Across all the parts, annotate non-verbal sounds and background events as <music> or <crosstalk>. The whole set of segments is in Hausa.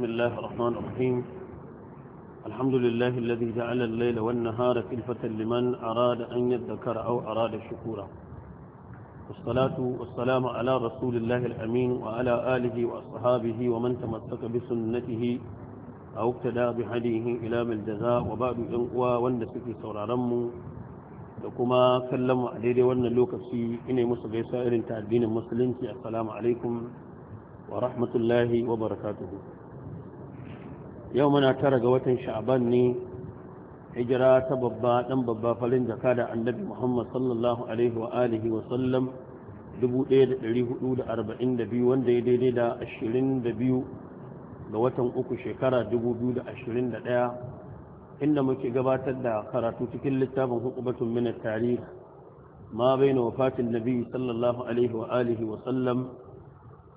بسم الله الرحمن الرحيم الحمد لله الذي جعل الليل والنهار كلفة لمن أراد أن يذكر أو أراد شكورا والصلاة والسلام على رسول الله الأمين وعلى آله وأصحابه ومن تمسك بسنته أو اقتدى بهديه إلى من الجزاء وبعد إنقوى واندسك سورة رمو لكما كلم عليه وأن اللوكسي إني مسلم سائر تعدين المسلم السلام عليكم ورحمة الله وبركاته yau muna tara ga watan sha'aban ne hijira ta babba dan babba falin jaka da annabi muhammad sallallahu alaihi wa alihi wa sallam 1442 wanda ya daidai da 22 ga watan uku shekara 2021 inda muke gabatar da karatu cikin littafin hukumatun minar tarihi ما بين وفاة النبي صلى الله عليه وآله وسلم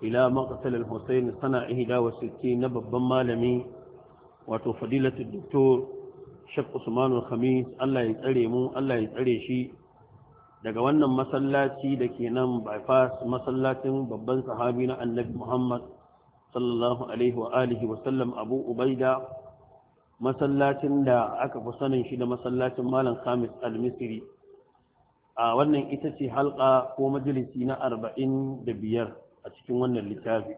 إلى مقتل الحسين سنة إهدا na babban malami. wato fadilatul doktor shek usmanu khamis allah ya tsare mu allah ya tsare shi daga wannan masallaci da ke nan bypass masallacin babban sahabi na annabi muhammad sallallahu alaihi wa alihi wa sallam abu ubaida masallacin da aka fi sanin shi da masallacin malam khamis al-misri a wannan ita ce halka ko majalisi na arba'in da biyar a cikin wannan littafi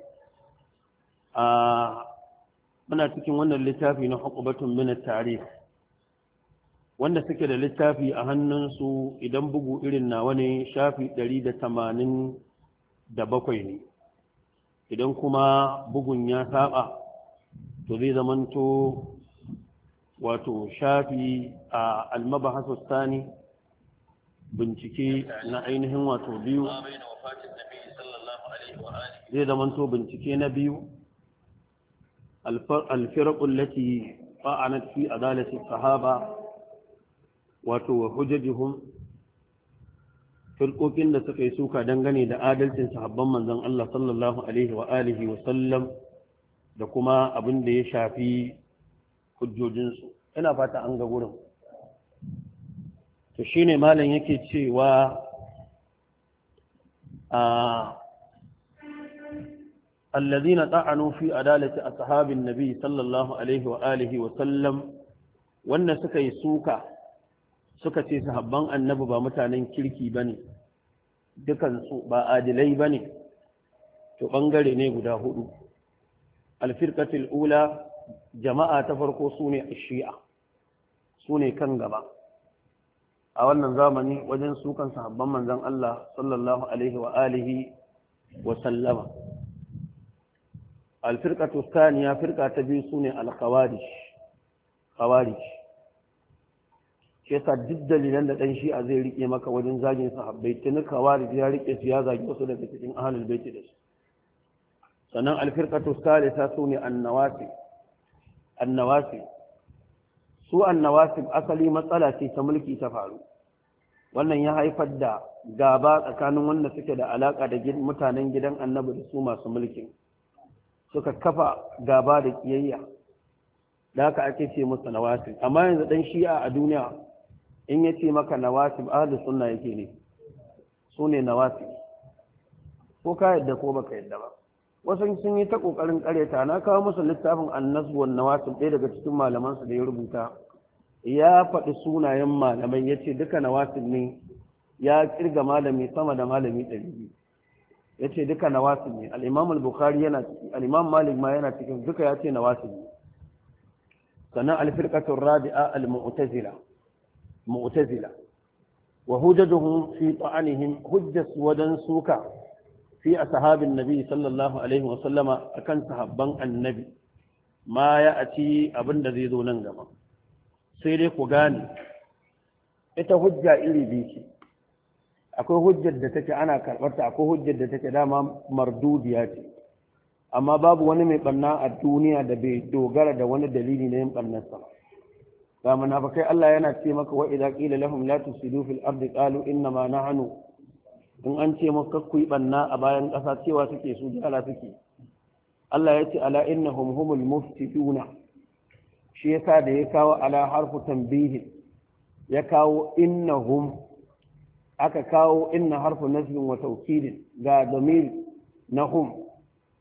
muna cikin wannan littafi na hukubatun min tarihi. wanda suke da littafi a hannunsu idan bugu irin na wani shafi 187 ne idan kuma bugun ya saba to zai zamanto wato shafi a almaba sani bincike na ainihin wato biyu zai zamanto bincike na biyu الفرق التي طعنت في عدالة الصحابة وحججهم firƙoƙin da suka yi suka dangane da adalcin sahabban manzon Allah sallallahu alaihi wa da kuma abin da ya shafi hujjojinsu ina fata an ga gurin to shine malam yake cewa a الذين طعنوا في أدالة أصحاب النبي صلى الله عليه وآله وسلم وأن سكي سوكا سكتي سهبان النبو بمتانين كلكي بني dukan su ba adilai ba ne to ɓangare ne guda hudu alfirkatul ula jama'a ta farko su ne shi'a su ne kan gaba a wannan zamani wajen sukan sahabban manzan Allah sallallahu alaihi wa alihi wa sallama Alfirƙatu saniya firka ta biyu sune alkhawarij khawarij shi yasa duk dalilan da dan shi'a zai riƙe maka wajen zagin sahabbai tuni khawarij ya riƙe su ya zagi wasu daga cikin ahlul baiti da su sannan alfirkatu salisa sune annawasi annawasi su annawasi asali matsala ce ta mulki ta faru wannan ya haifar da gaba tsakanin wanda suke da alaƙa da mutanen gidan annabi da su masu mulkin suka kafa gaba da kiyayya da haka ake ce musu nawasi amma yanzu dan shi'a a duniya in ya maka nawasi ahlus sunna yake ne su ne nawasi ko ka yadda ko baka yadda ba wasu sun yi ta kokarin kareta na kawo musu littafin annasu wan nawasi ɗaya daga cikin malaman su da ya rubuta ya faɗi sunayen malamai ya ce duka nawasi ne ya kirga malami sama da malami ɗari biyu ya ce duka na nawasib ne al'imam al-bukhari yana ciki al'imam malik ma yana cikin duka ya ce na nawasib ne sannan alfirkatun rabi'a al-mu'tazila mu'tazila wa hujjatuhum fi ta'anihim hujjas wajen suka fi ashabin nabi sallallahu alaihi wa sallama akan sahabban annabi ma ya aci abin da zai zo nan gaba sai dai ku gane ita hujja iri biyu akwai hujjar da take ana karɓarta akwai hujjar da take dama mardudiya ce amma babu wani mai ɓanna a duniya da bai dogara da wani dalili na yin ɓannarsa ga munafikai Allah yana ce maka wa idza qila lahum la tusidu fil ardi qalu inna ma nahnu in an ce maka ku yi ɓanna a bayan ƙasa cewa suke su jala suke Allah ya ce ala innahum humul muftiduna shi yasa da ya kawo ala harfu tanbihi ya kawo innahum aka kawo inna harfu nasbin wa taukidin ga damir na hum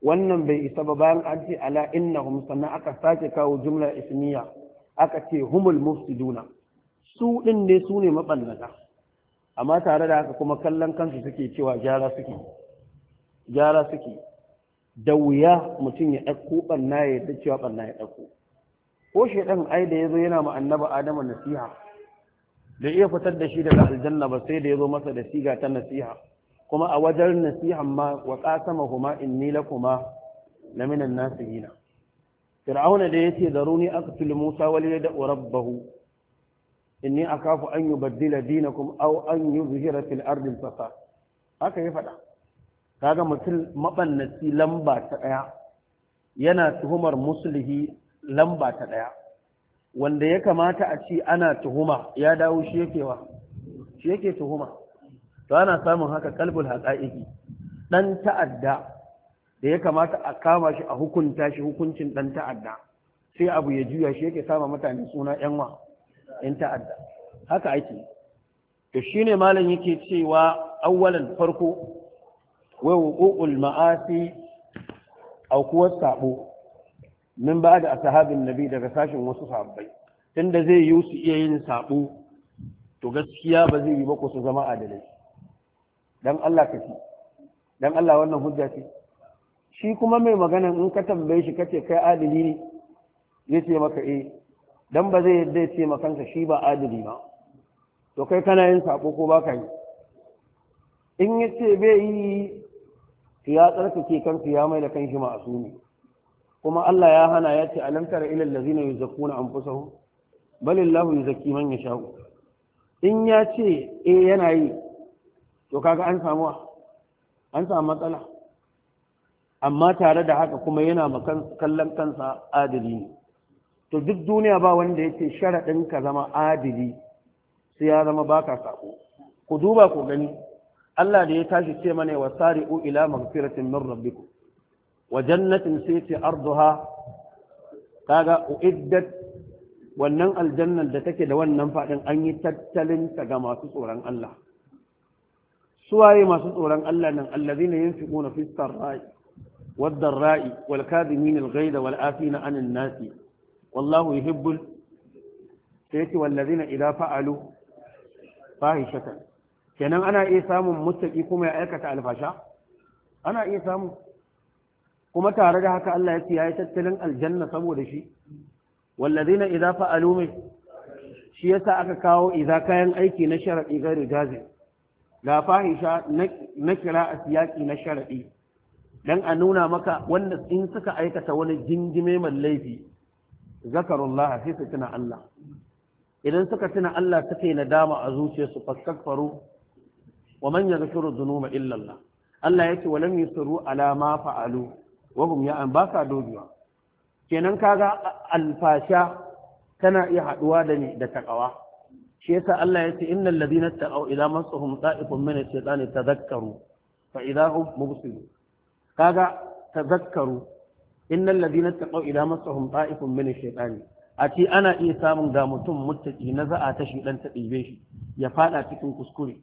wannan bai isa ba bayan an ce ala innahum sannan aka sake kawo jumla ismiya aka ce humul mufsiduna su din ne su ne maballaka amma tare da haka kuma kallon kansu suke cewa jara suke jara suke da wuya mutum ya ɗauko ɓanna ya yadda cewa ɓanna ya ɗauko ko shaidan ai da ya zo yana ma annaba adama nasiha da iya fitar da shi daga aljanna ba sai da ya zo masa da siga ta nasiha kuma a wajen nasihan ma wa qasama huma inni lakuma la minan nasihina fir'auna da yace daruni aqtul musa wal yada rabbahu inni akafu an yubaddila dinakum aw an yuzhira fil ardi fasad haka ya faɗa kaga mutum mabannati lamba ta daya yana tuhumar muslihi lamba ta daya wanda ya kamata a ci ana tuhuma ya dawo shi yake shi yake tuhuma to ana samun haka kalbul haqa'iqi dan ta'adda da ya kamata a kama shi a hukunta shi hukuncin dan ta'adda sai abu ya juya shi yake sama mutane suna yanwa in ta'adda haka ake to shine malam yake cewa awwalan farko wa wuqul ma'asi au kuwa sabo min ba da ashabin nabi daga sashin wasu sahabbai tunda zai yi su iya yin sabo to gaskiya ba zai yi ba ku su zama adalai dan Allah kace dan Allah wannan hujja ce shi kuma mai magana in ka tambaye shi kace kai adali ne yace maka eh dan ba zai yadda yace maka kanka shi ba adali ba to kai kana yin sabo ko baka yi in yace bai yi ya tsarkake kansu ya mai da kanshi ma'asumi kuma Allah ya hana ya ce alam tara ilal ladzina yuzakkuna anfusahum bal illahu yuzakki man yasha in ya ce eh yana yi to kaga an samu an samu matsala amma tare da haka kuma yana kallon kansa adili ne to duk duniya ba wanda ya ce sharaɗin ka zama adili sai ya zama baka sako ku duba ku gani Allah da ya tashi ce mana wa sari'u ila maghfiratin min rabbikum wa jannatin sai ce arduha kaga uiddat wannan aljannan da take da wannan fadin an yi tattalin ta ga masu tsoron Allah suwaye masu tsoron Allah nan allazina yunfiquna fi ra'i, wad darra'i wal kadhimin al ghayda wal afina 'anil nasi wallahu yuhibbul sayati wallazina idza fa'alu fahishatan kenan ana iya samun mutaki kuma ya aikata alfasha ana iya samun. kuma tare da haka Allah ya ce yayi tattalin aljanna saboda shi walladina idza fa'alu min shi yasa aka kawo idza kayan aiki na shar'i gari jazi la fahisha na kira a siyaki na shar'i dan a nuna maka wanda in suka aikata wani jingime mai laifi zakarullah sai su tuna Allah idan suka tuna Allah suka yi nadama a zuciyarsu fastakfaru wa man yaghfiru dhunuba illa Allah Allah yace walam yusiru ala ma fa'alu wahum ya an baka dogewa kenan kaga alfasha tana iya haduwa da ni da takawa shi yasa Allah ya ce innal ladina taqaw idza masahum ta'ifun min ash-shaytani tadhakkaru fa idza hum mubsirun kaga tadhakkaru innal ladina taqaw idza masahum ta'ifun min ash-shaytani a ce ana iya samun ga mutum muttaki na za'a ta shi dan ta ɗibe shi ya fada cikin kuskure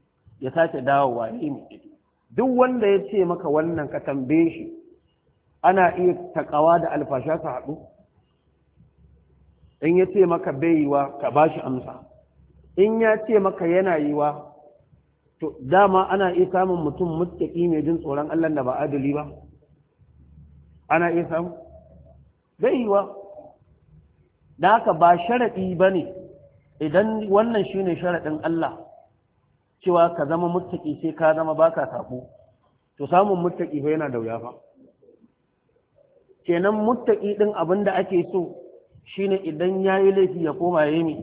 ya sake dawowa ya yi duk wanda ya ce maka wannan ka tambaye shi ana iya taƙawa da alfasha su haɗu in ya ce maka baiwa ka ba shi amsa in ya ce maka yana yiwa to dama ana iya samun mutum mutaki mai jin tsoron Allah da ba adali ba ana iya samu baiwa da haka ba sharaɗi ba ne idan wannan shi ne sharaɗin Allah cewa ka zama mutaki sai ka zama baka sako to samun mutaki ba yana da wuya fa kenan muttaki din abin da ake so shine idan ya yi laifi ya koma ya yi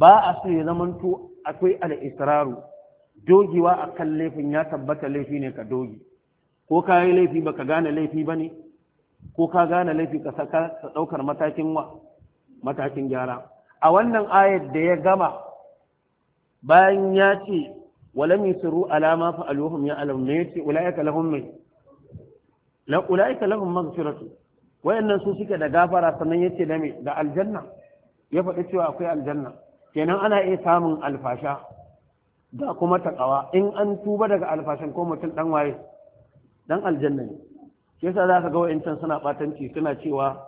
ba a so ya zamanto akwai al'israru dogewa a kan laifin ya tabbata laifi ne ka dogi. ko ka yi laifi baka gane laifi ba ne ko ka gane laifi ka saka ka ɗaukar matakin wa matakin gyara a wannan ayat da ya gama bayan ya ce mai yusru alama fa aluhum ya alam ne yace ulaika lahum min la ulaika lahum maghfiratu wayannan su suke da gafara sannan yace da me da aljanna ya faɗi cewa akwai aljanna kenan ana iya samun alfasha da kuma takawa in an tuba daga alfashan ko mutum dan waye dan aljanna ne shi yasa zaka ga wayancan suna batanci suna cewa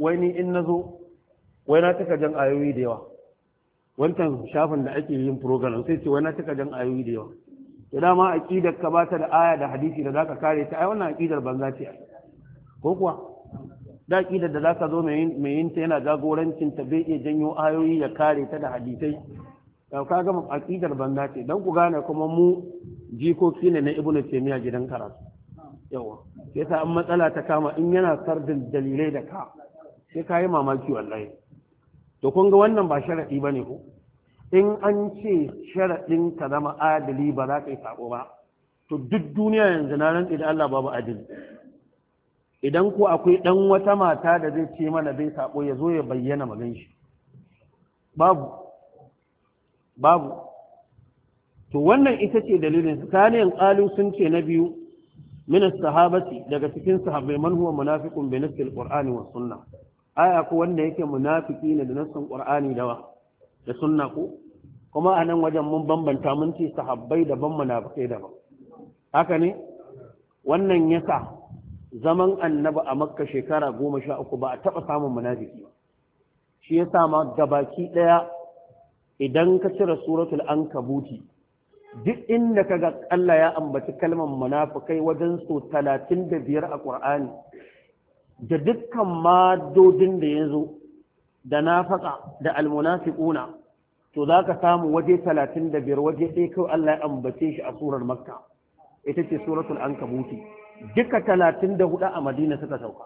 wai ni in nazo wai na taka jan ayoyi da yawa wancan shafin da ake yin program sai ce wai na taka jan ayoyi da yawa da dama aqidar ka ba ta da aya da hadisi da zaka kare ta ai wannan aqidar banza ce ko kuwa da aqidar da zaka zo mai yin ta yana jagorancin ta bai iya janyo ayoyi ya kare ta da hadisai ka gama aqidar banza ce dan ku gane kuma mu jikoki ne na ibnu taymiya gidan karatu yawa sai an matsala ta kama in yana sardin dalilai da ka sai kayi mamaki wallahi to kun ga wannan ba sharadi bane ko in an ce sharaɗin ka zama adali ba za ka yi sabo ba to duk duniya yanzu na ran idan Allah babu adali idan ko akwai ɗan wata mata da zai ce mana zai sako ya zo ya bayyana magan shi babu babu to wannan ita ce dalilin tsakanin ƙalu sun ce na biyu min sahabati daga cikin sahabbai man huwa munafiqun bi nassil qur'ani was aya ko wanda yake munafiki ne da nassin qur'ani dawa da sunna ko kuma a nan wajen mun bambanta mun ce sahabbai daban munafikai daban haka ne wannan yasa zaman annabi a makka shekara goma sha uku ba a taɓa samun munafiki shi yasa ma gabaki ɗaya idan ka cire suratul ankabuti duk inda ka ga Allah ya ambaci kalmar munafikai wajen so talatin da biyar a ƙur'ani da dukkan madodin da ya zo da nafaqa da almunafiquna to zaka samu waje 35 waje sai kawai Allah ya ambace shi a surar Makka ita ce suratul ankabuti duka 34 a Madina suka sauka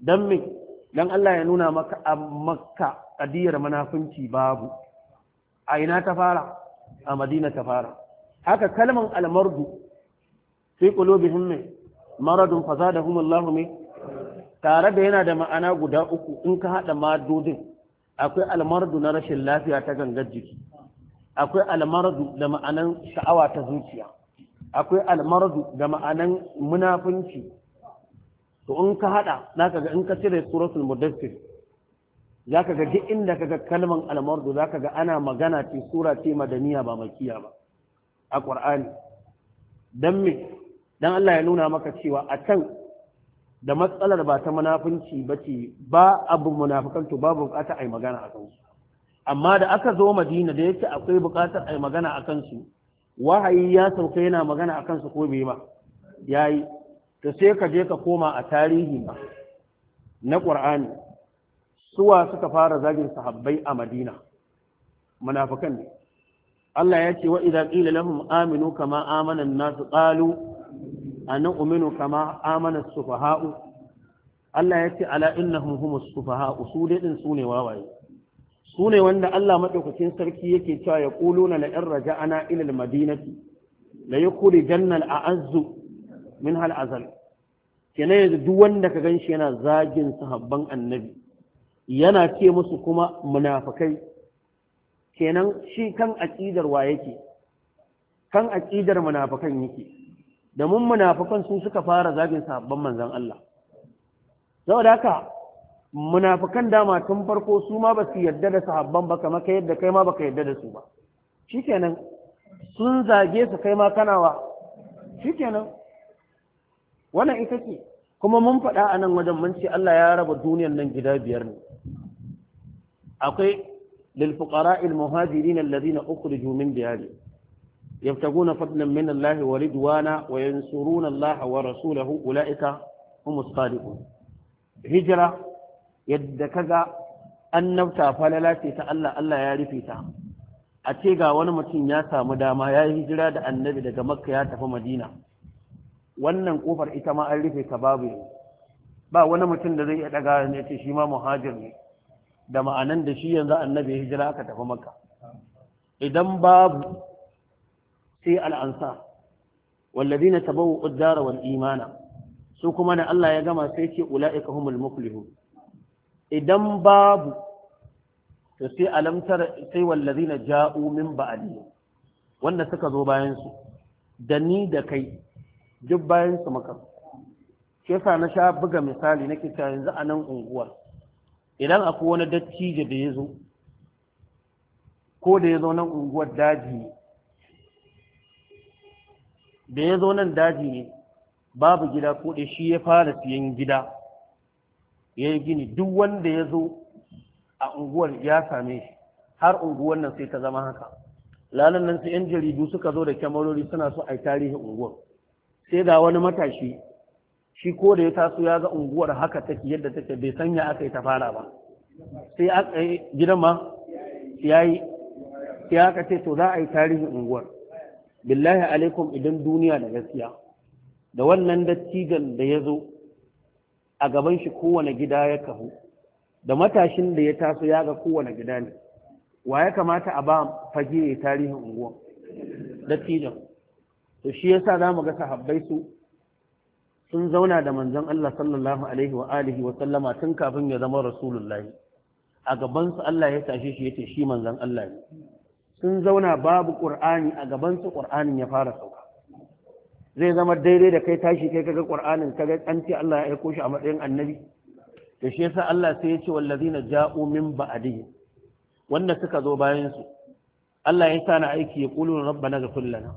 dan me dan Allah ya nuna maka a Makka kadiyar munafunci babu a ina ta fara a Madina ta fara haka kalman almardu fi qulubihim maradun fazadahum Allahu min tare da yana da ma'ana guda uku in ka haɗa madodin akwai almardu na rashin lafiya ta gangar jiki akwai almardu da ma'anan sha'awa ta zuciya akwai almardu da ma'anan munafunci to in ka haɗa za ka in ka cire suratul mudaffir za ka ga duk inda kaga ga kalman almardu za ka ga ana magana ce sura ce madaniya ba makiya ba a ƙur'ani dan me dan Allah ya nuna maka cewa a can da matsalar ba ta munafunci ba ce ba abin munafukan to babu bukatar a yi magana a kansu amma da aka zo madina da yake akwai bukatar a yi magana a kansu wahayi ya sauka yana magana a kansu ko bai ba ya yi to sai ka je ka koma a tarihi ba na ƙwar'ani suwa suka fara zagin sahabbai a madina munafukan ne Allah ya ce wa idan qila lahum aminu kama amana nasu nas qalu anan uminu kama amana sufaha'u Allah ya ce ala innahum humus sufaha'u su dai din sune wawaye ne wanda Allah madaukakin sarki yake cewa ya na la in raja'ana ila al-madinati la yukhrijanna al-a'azzu min hal azal kenan yanzu duk wanda ka ganshi yana zagin sahabban annabi yana ce musu kuma munafikai kenan shi kan aqidar wa yake kan aqidar munafikan yake da mun munafukan su suka fara zagin sahabban manzan Allah da haka munafukan dama tun farko su ma ba su yarda da sahabban ba kama kai yadda kai ma baka yarda da su ba shikenan sun zage su kai ma kana wa shikenan wannan ita ce kuma mun faɗa a nan wajen mun ce Allah ya raba duniyar nan gida biyar ne akwai lil fuqara al uku da jumin biyar ne. yabtaguna fadlan min Allah wa ridwana wa yansuruna Allah wa rasulahu ulaika humus sadiqun hijira yadda kaga annabta falala ce ta Allah Allah ya rufe ta a ce ga wani mutum ya samu dama ya yi hijira da annabi daga makka ya tafi madina wannan kofar ita ma an rufe ta babu ba wani mutum da zai iya daga ne ce shi ma muhajir ne da ma'anan da shi yanzu annabi ya hijira aka tafi makka idan babu sai al'ansa wallazina na ad-dara wal imana su kuma da Allah ya gama sai ce ula'ika humul mukulihu idan babu ta sai alamtar sai na ja'u min ba'di wanda suka zo bayansu, da ni da kai duk bayansu maka na sha buga misali na cewa yanzu a nan unguwar idan akwai wani dattijo da ya zo ko da ya zo nan unguwar daji da ya zo nan daji ne babu gida ko da shi ya fara siyan gida ya yi gini duk wanda ya zo a unguwar ya same shi har unguwar nan sai ta zama haka lalan nan sai yan jaridu suka zo da kyamarori suna so a yi tarihin unguwar sai ga wani matashi shi ko da ya taso ya ga unguwar haka take yadda take bai sanya aka yi ta fara ba sai aka yi gidan ma ya yi sai aka ce to za a yi tarihin unguwar billahi alaikum idan duniya da gaskiya da wannan dattijan da ya zo a gaban shi kowane gida ya kahu da matashin da ya taso ya ga kowane gida ne wa ya kamata a ba fage ya tarihin unguwa dattijan to shi yasa za mu ga sahabbai su sun zauna da manzon Allah sallallahu alaihi wa alihi wa sallama tun kafin ya zama rasulullahi a gaban su Allah ya tashe shi ya ce shi manzon Allah ne sun zauna babu ƙur'ani a gabansu ƙur'anin ya fara sauka zai zama daidai da kai tashi kai kaga ƙur'anin kaga an ce Allah ya aiko shi a matsayin annabi da shi yasa Allah sai ya ce wallazina ja'u min ba'dihi wanda suka zo bayan su Allah ya sa na aiki ya quluna rabbana ghfir lana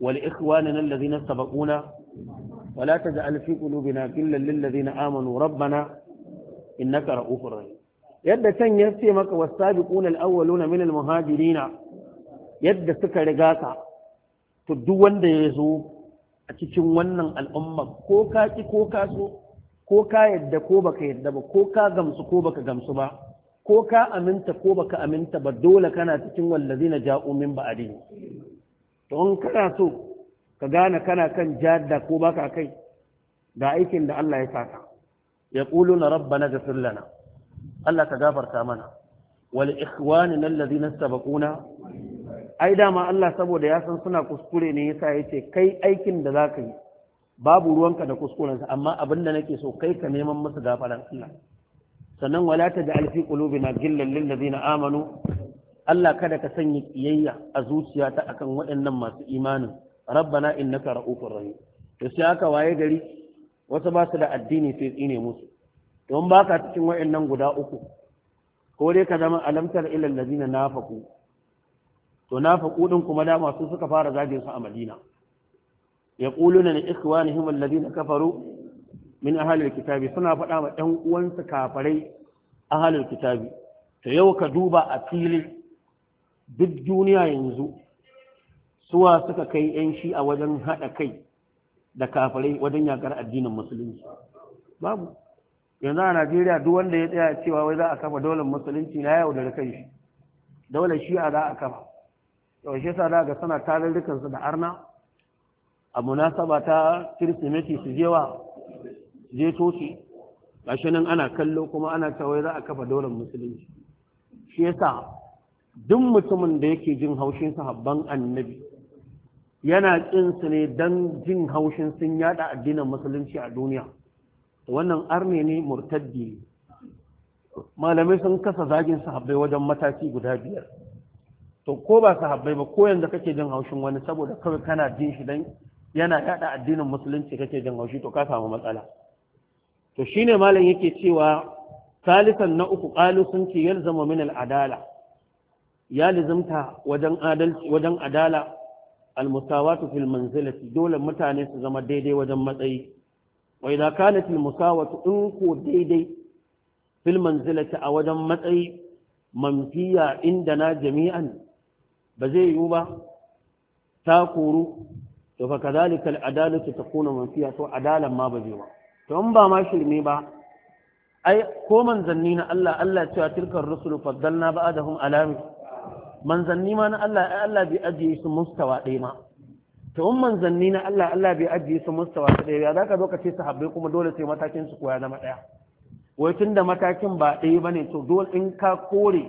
wa li ikhwanina allazina sabaquna wa taj'al fi qulubina ghillan lil ladzina amanu rabbana innaka ra'ufur rahim yadda can ya ce maka wasabiquna al-awwaluna min al-muhajirina yadda suka riga ka to duk wanda ya zo a cikin wannan al'umma ko ka ki ko ka so ko ka yadda ko baka yadda ba ko ka gamsu ko baka gamsu ba ko ka aminta ko baka aminta ba dole kana cikin wallazina ja'u min ba'adi to in kana so ka gane kana kan jadda ko baka kai ga aikin da Allah ya saka ya na rabbana ghfir lana Allah ka gafarta mana wal ikhwanina alladhina sabaquna ai dama Allah saboda ya san suna kuskure ne yasa ya ce kai aikin da zaka yi babu ruwanka da kuskurensa amma abin da nake so kai ka neman musu gafaran Allah sannan wala ta ja'al fi qulubina gillan lil ladina amanu Allah kada ka sanya kiyayya a zuciya zuciyata akan waɗannan masu imanin rabbana innaka ra'ufur rahim to sai aka waye gari wasu ba su da addini sai tsine musu don baka cikin waɗannan guda uku ko dai ka zama alamtar ilal ladina nafaku to na faƙudin kuma da masu suka fara zagin su a madina ya ƙuluna na ikhwanihim alladhina kafaru min ahlil kitabi suna faɗa ma ɗan uwansu kafarai ahlil kitabi to yau ka duba a fili duk duniya yanzu suwa suka kai yan shi a wajen haɗa kai da kafarai wajen yakar addinin musulunci babu yanzu a najeriya duk wanda ya tsaya cewa wai za a kafa dole musulunci na yau da kai shi shi a za a kafa yaushe sa da ga suna tarurrukansu da arna a munasaba ta kirsimeti su jewa je toci shi nan ana kallo kuma ana cewa za a kafa daular musulunci shi yasa duk mutumin da yake jin haushin habban annabi yana kin su ne dan jin haushin sun yada addinin musulunci a duniya wannan arne ne murtaddi malamai sun kasa zagin sahabbai wajen mataki guda biyar to ko ba sahabbai ba ko yanzu kake jin haushin wani saboda kawai kana jin shi dan yana yada addinin musulunci kake jin haushi to ka samu matsala to shine malam yake cewa salisan na uku qalu sun ce yalzamu min al-adala ya lazimta wajen adalci wajen adala al-musawatu fil manzilati dole mutane su zama daidai wajen matsayi wa idza kanat al-musawatu in ko daidai fil manzilati a wajen matsayi manfiya inda na jami'an ba zai yiwu ba ta koru to fa kadhalika al-adalatu takunu manfiya to adalan ma ba zai ba to in ba ma shirme ba ai ko manzanni na Allah Allah cewa tilkar rusulu faddalna ba'dahum alami manzanni ma na Allah ai Allah bai ajiye su mustawa ɗaya ma to in manzanni na Allah Allah bai ajiye su mustawa ɗaya ya zaka zo ka ce sahabbai kuma dole sai matakin su koya zama ɗaya wai tunda matakin ba ɗaya bane to dole in ka kore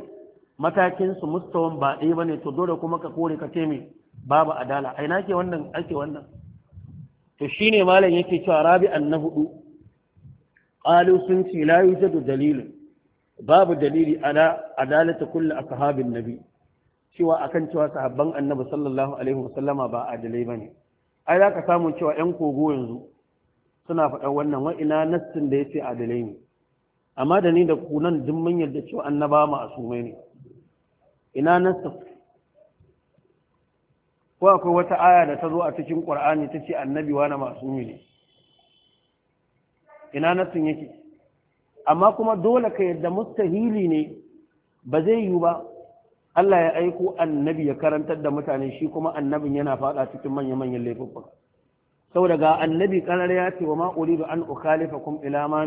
matakin su mustawan ba ɗaya bane to dole kuma ka kore ka ce me babu adala ai nake wannan ake wannan to shine malam yake cewa rabi'an na hudu qalu sun ce la yujadu dalilin. babu dalili ala adalata kulli sahabin nabi cewa akan cewa sahabban annabi sallallahu alaihi wasallama ba adalai bane ai za ka samu cewa yan kogo yanzu suna faɗa wannan wa ina nassin da yace adalai ne amma da ni da ku nan duk mun yarda cewa annaba ma asumai ne ina nasu ko akwai wata aya da ta zo a cikin ƙwar'ani ta ce annabi wani masu ne ina nasun yake amma kuma dole ka yadda mustahili ne ba zai yiwu ba Allah ya aiko annabi ya karantar da mutane shi kuma annabin yana faɗa cikin manya-manyan laifuffuka saboda ga annabi ƙanar ya ce wa ma'uri da an ukhalifakum ila ma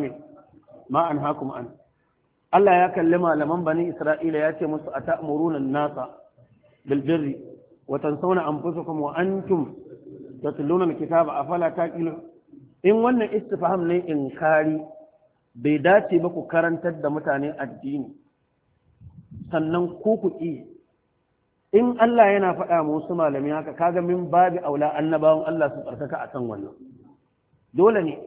ma an hakum an Allah ya kalli malaman bani Isra'ila ya ce musu a ta'amurunan nasa bilbirri wa da anfusakum wa antum tatluna alkitaba afala taqilun in wannan faham ne in inkari bai dace ba ku karantar da mutane addini sannan ku ku in Allah yana faɗa musu malami haka kaga min babi aula annabawan Allah su tsarkaka akan wannan dole ne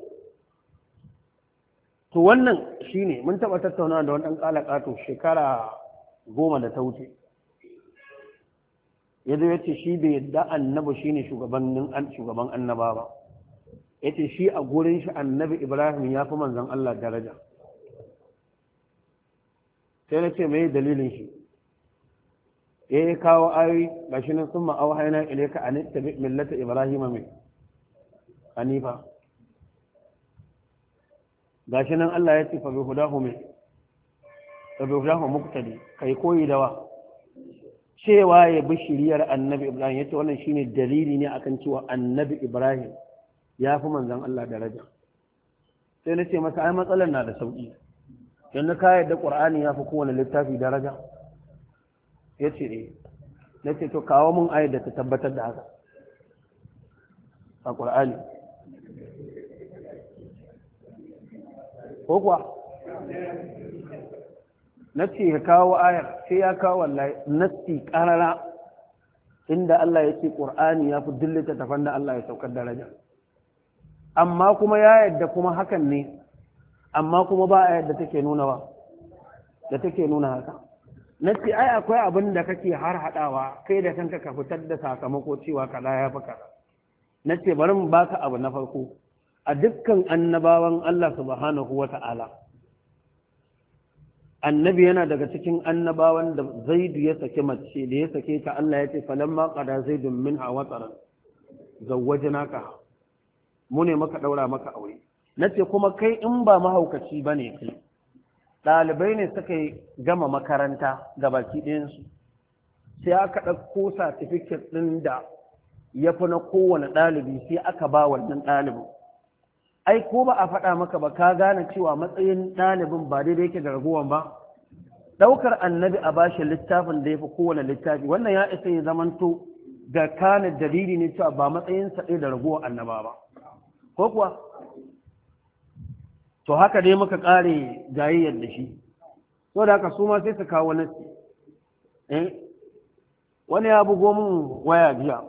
to wannan shine mun taɓa tattauna da wani ɗan ƙato shekara goma da ta wuce ya zo yace shi bai yadda annabi shine shugaban annaba ba ya ce shi a gurin shi annabi ibrahim ya fi manzan allah daraja sai na ce mai dalilin shi ya yi kawo ayoyi ga shi nan sun ma'au haina ilaika a nita millata ibrahim mai hanifa gashi nan Allah ya ce fa bi hudahu mai fa bi hudahu muktadi kai koyi dawa cewa ya bi shiriyar annabi Ibrahim yace wannan shine dalili ne akan cewa annabi Ibrahim ya fi manzon Allah daraja sai na ce masa ai matsalar na da sauki na ka yadda Qur'ani ya fi kowane littafi daraja yace eh nace to kawo mun ayat da ta tabbatar da haka a Qur'ani ko kuwa na ce kawo ayar sai ya kawo wallahi nassi karara inda Allah ya ce ƙur'ani ya fi dillata tafan da Allah ya saukar daraja amma kuma ya yadda kuma hakan ne amma kuma ba a yadda take nuna ba da take nuna haka na ai akwai abin da kake har haɗawa kai da kanka ka fitar da sakamako cewa kaza ya fi kaza na ce bari mu baka abu na farko a dukkan annabawan Allah subhanahu wa ta'ala annabi yana daga cikin annabawan da zaidu ya sake mace da ya sake ta Allah ya ce falamma qada zaidun minha wataran naka mu ne maka daura maka aure nace kuma kai in ba mahaukaci bane kai ɗalibai ne suka gama makaranta ga baki ɗayansu sai aka ɗauko satifiket ɗin da ya fi na kowane ɗalibi sai aka ba wannan ɗalibin ai ko ba a faɗa maka ba ka gane cewa matsayin ɗalibin ba daidai yake da ragowan ba ɗaukar annabi a bashi littafin da ya fi kowane littafi wannan ya isa ya zamanto ga kana dalili ne cewa ba matsayin sa ɗaya da ragowa annaba ba ko kuwa to haka dai muka ƙare jayayyar da shi so da haka su ma sai su kawo nasi eh, wani ya bugo min waya jiya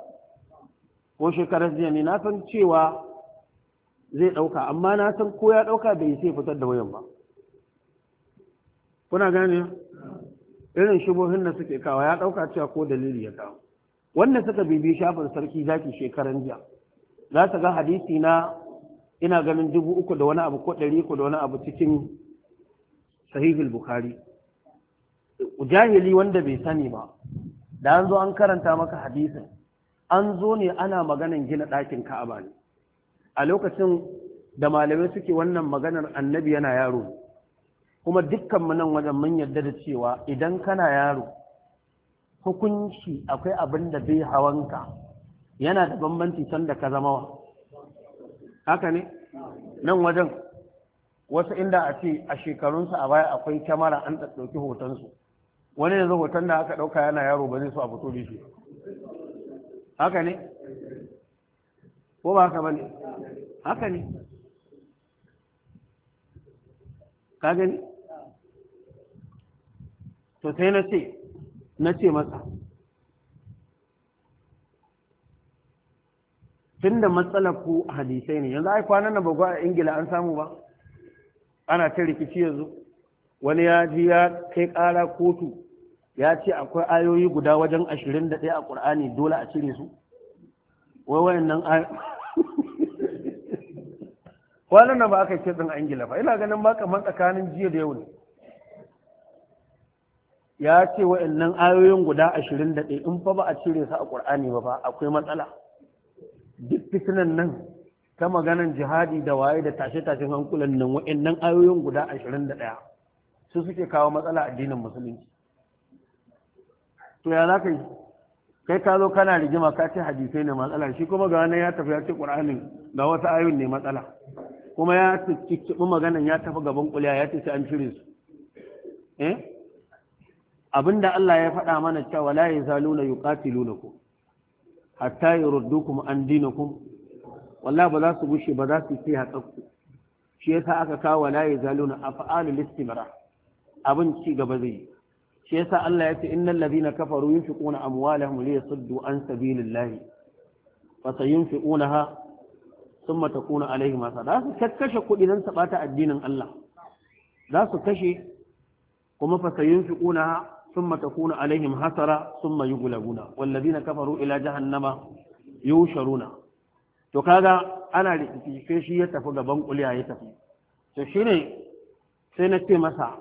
ko shekarar jiya ne na san cewa zai ɗauka amma na san ko ya ɗauka bai sai fitar da wayan ba kuna gane irin shubohin na suke kawa ya ɗauka cewa ko dalili ya kawo wanda suka bibi shafin sarki zaki shekaran jiya za ta ga hadisi na ina ganin dubu uku da wani abu ko ɗari uku da wani abu cikin sahihul bukhari jahili wanda bai sani ba da an zo an karanta maka hadisin an zo ne ana maganan gina ɗakin ka'aba ne a lokacin da malamai suke wannan maganar annabi yana yaro kuma dukkan nan wajen mun yarda da cewa idan kana yaro hukunci akwai abin da bai hawanka yana da bambanci can da ka zama wa? haka ne nan wajen wasu inda a ce a shekarunsu a baya akwai kyamara an ɗauki hotonsu wani yanzu hoton da aka ɗauka yana yaro ba zai so a fito da shi haka ne ko ba haka bane haka ne ka gani to sai na ce na ce masa tunda matsalar ku hadisai ne yanzu ai kwanan nan bagwa a ingila an samu ba ana ta rikici yanzu wani ya ji ya kai ƙara kotu ya ce akwai ayoyi guda wajen ashirin da ɗaya a ƙur'ani dole a cire su wai wayannan <laughs> kwanan nan ba aka ce ɗin angila ba ina ganin ba kamar tsakanin jiya da yau ne ya ce nan ayoyin guda ashirin da ɗaya in fa ba a cire su a ƙur'ani ba ba akwai matsala duk fitinan nan ta maganan jihadi da waye da tashe-tashen hankulan nan nan ayoyin guda ashirin da ɗaya su suke kawo matsala addinin musulunci to ya za ka yi kai ka zo kana rigima ka ce hadisai ne matsala shi kuma ga wani ya tafi ya ce qur'anin ga wata ayoyin ne matsala kuma ya cikin maganan ya tafi gaban kuliya ya ce sai an cire su eh abinda Allah ya faɗa mana cewa la yazaluna yuqatilunakum hatta yurdukum an dinakum wallahi ba za su gushe ba za su yi hatsakku shi yasa aka kawo la yazaluna af'alul istimrar abin ci gaba zai yi shi yasa Allah ya ce innal ladina kafaru yunfiquna amwalahum liyasuddu an sabilillahi fa sayunfiqunaha thumma takunu alaihim hasada su kakkashe kudi dan sabata addinin Allah za su kashe kuma fa sayunfiqunaha thumma takunu alaihim hasara thumma yughlabuna wal ladina kafaru ila jahannama yusharuna to kaga ana rikice shi ya tafi gaban kuliya ya tafi to shine sai na ce masa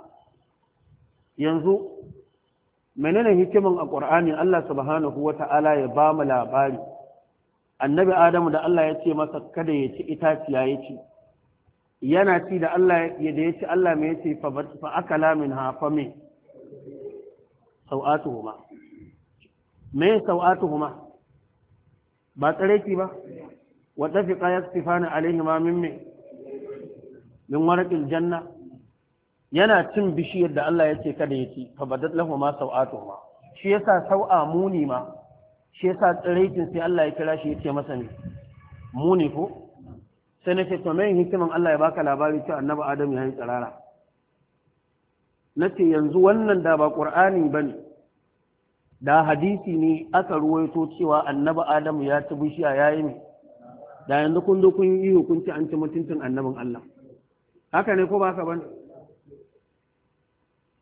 yanzu menene hikiman a ƙur'ani Allah subhanahu wa ta'ala ya ba mu labari annabi adamu da Allah ya ce masa kada ya ci itaciya ya ci yana ci da Allah ya da ya ci Allah mai ya ce fa akala min hafa me sau'atuhuma me sau'atuhuma ba tsare ki ba wa tafiqa yastifana alaihima min me min warqil janna yana cin bishiyar da Allah ya ce kada ya ci fa badat lahu ma ma. shi yasa sau'a muni ma shi yasa tsiraitin sai Allah ya kira shi ya ce masa ne muni ko sai ce to mai hikiman Allah ya baka labari cewa annabi Adam ya yi tsirara nace yanzu wannan da ba Qur'ani bane da hadisi ne aka ruwaito cewa annabi Adam ya ci bishiya yayi ne da yanzu kun zo kun yi hukunci an ci mutuntun annabin Allah haka ne ko ba ka bane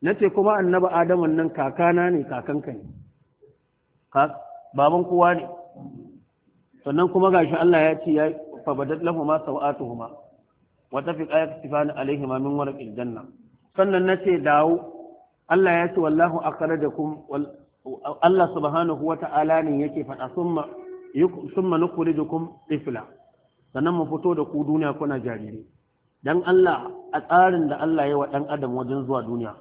na ce kuma annaba adaman nan kakana ne kakanka ne baban kowa ne sannan kuma gashi Allah ya ce ya fabadat lahu ma sawatuhuma wa tafiq ayat tifani alaihi ma min warqil janna sannan nace dawo Allah ya ce wallahu wal Allah subhanahu wa ta'ala ne yake fada summa summa nukhrijukum tifla sannan mu fito da ku duniya kuna jarire dan Allah a tsarin da Allah ya wa dan adam wajen zuwa duniya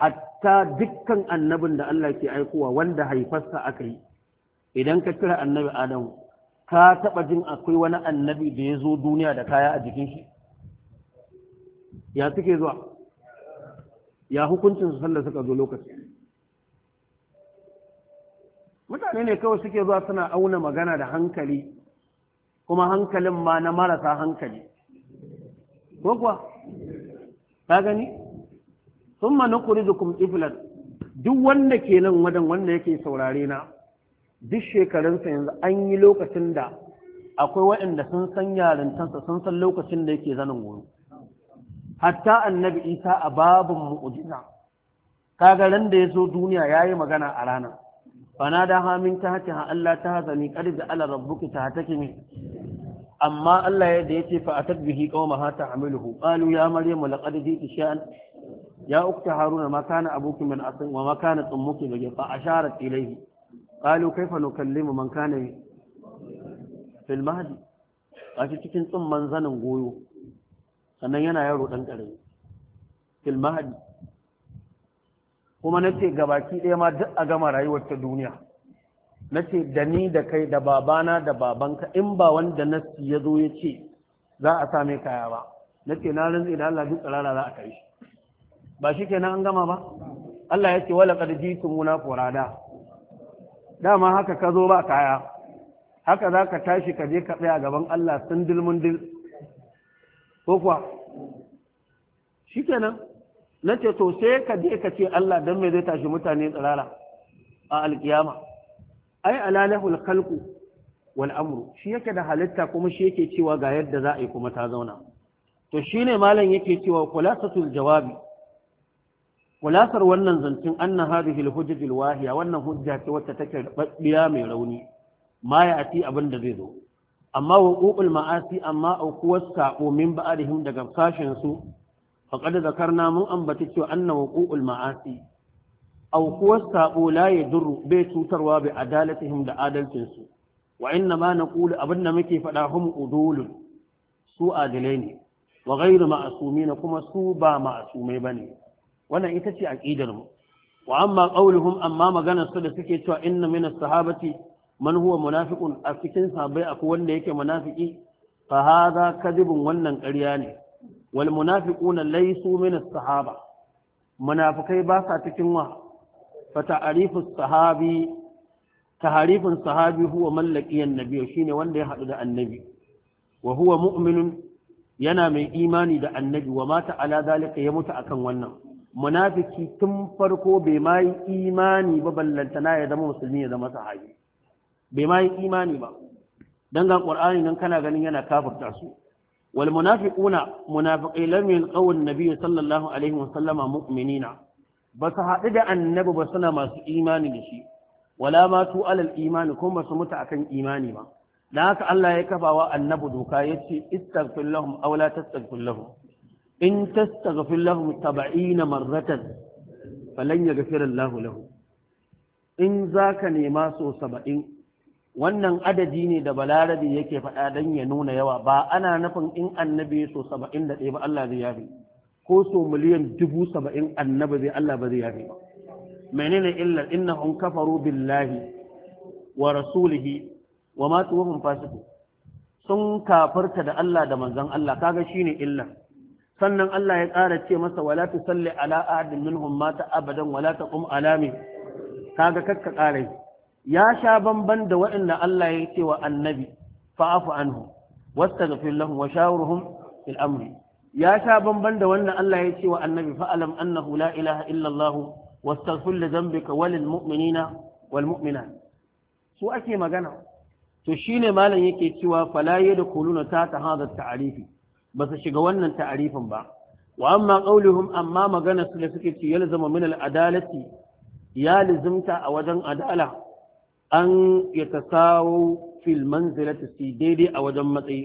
hatta dukkan annabin da Allah ke aikowa wanda haifarsa aka yi idan ka kira annabi Adamu, ka taɓa jin akwai wani annabi da ya zo duniya da kaya a jikin shi ya suke zuwa ya hukuncin su sallar suka zo lokaci mutane ne kawai suke zuwa suna auna magana da hankali kuma hankalin ma na marasa hankali ko kuwa ka gani Sun thumma nukhrijukum iflan duk wanda ke nan wadan wanda yake saurare na duk shekarunsa yanzu an yi lokacin da akwai waɗanda sun san yarintansa sun san lokacin da yake zanen wuri. hatta annabi isa a babin mu'ujiza kaga ran da ya zo duniya ya yi magana a rana? fana da hamin ta hake ha Allah ta ni ƙarfi da ala rabbuki ta hatake ne amma Allah ya da ya ce fa a tabbihi hata ha ta amiluhu qalu ya maryamu laqad ji'ti shay'an ya ukta haruna ما كان abuki من asin wa كان kana من bage fa asharat قالوا كيف نكلم من كان في المهدي قالت a cikin من زن goyo sannan yana yaro dan karami fil Kuma kuma nace gabaki ɗaya ma duk a gama rayuwar ta duniya nace da ni da kai da babana da babanka in ba wanda nasi ya zo ya ce za a same kaya ba nace na rantsi da Allah duk tsarara za a kai shi ba shi kenan an gama ba Allah ya ce wala qad jitumuna furada dama haka ka zo ba kaya haka za ka tashi ka je ka tsaya gaban Allah sundul mundul ko kuwa shi kenan na ce to sai ka je ka ce Allah don mai zai tashi mutane tsirara a alkiyama ai alalahul khalqu wal amru shi yake da halitta kuma shi yake cewa ga yadda za a yi kuma ta zauna to shine malam yake cewa khulasatul jawabi kulasar wannan zancin anna hadhihi al-hujaj wahiya wannan hujja ce wacce take rabbiya mai rauni ma ya ati abin da zai zo amma wuqul ma'asi amma aukuwar sabo min ba'dihim daga sashin su faqad zakarna mun ambata cewa anna wuqul ma'asi aukuwar sabo la yadurru bai cutarwa bi adalatihim da adalcin su wa inna ma naqulu abin da muke faɗa hum udulun su adilai ne wa ghayru ma'sumin kuma su ba ma'asumai bane wannan ita ce aqidar mu wa amma qauluhum amma maganar su da suke cewa inna min as-sahabati man huwa munafiqun a cikin sahabbai akwai wanda yake munafiki fa hadha kadhibun wannan ƙarya ne wal munafiquna laysu min as-sahaba munafikai ba sa cikin wa fa ta'rifus sahabi taharifin sahabi huwa mallakiyan nabi shine wanda ya hadu da annabi wa huwa mu'minun yana mai imani da annabi wa mata ala zalika ya mutu akan wannan munafiki tun farko bai ma yi imani ba ballantana ya zama musulmi ya zama sahabi bai ma yi imani ba dan ga qur'ani nan kana ganin yana kafirta su wal munafiquna munafiqai lam yalqaw an sallallahu alaihi wa sallama mu'minina ba su haɗu da annabi ba suna masu imani da shi wala su alal imani kuma ba su mutu akan imani ba da haka Allah ya kafa wa annabi doka yace istaghfir lahum aw la tastaghfir lahum in tastaghfir lahu 70 marratan falan yaghfir Allahu lahu in zaka nema so 70 wannan adadi ne da balarabi yake faɗa dan ya nuna yawa ba ana nufin in annabi so 71 ba Allah zai yafi ko so miliyan 70 annabi zai Allah ba zai yafi ba menene illa innahum kafaru billahi wa rasulihi wa matu wa fasiku sun kafarta da Allah da manzon Allah kaga shine illa sannan Allah ya ƙara ce masa wala ta salli ala ahadin minhum mata abadan wala ta qum alami kaga kakka ƙarai. ya sha bamban da waɗanda Allah ya ce wa annabi fa'afu anhu wastaghfir lahum wa shawruhum fil amri ya sha bamban da wanda Allah ya ce wa annabi fa'alam annahu la ilaha illa Allah wastaghfir li dhanbika wal mu'minina wal mu'minat su ake magana to shine malam yake cewa fala yadkhuluna ta ta hada ta'arifi ba su shiga wannan ta'arifin ba wa amma qauluhum amma magana su da suke ce yalzama min al-adalati ya lizimta a wajen adala an yatasawu fil manzilati si daidai a wajen matsayi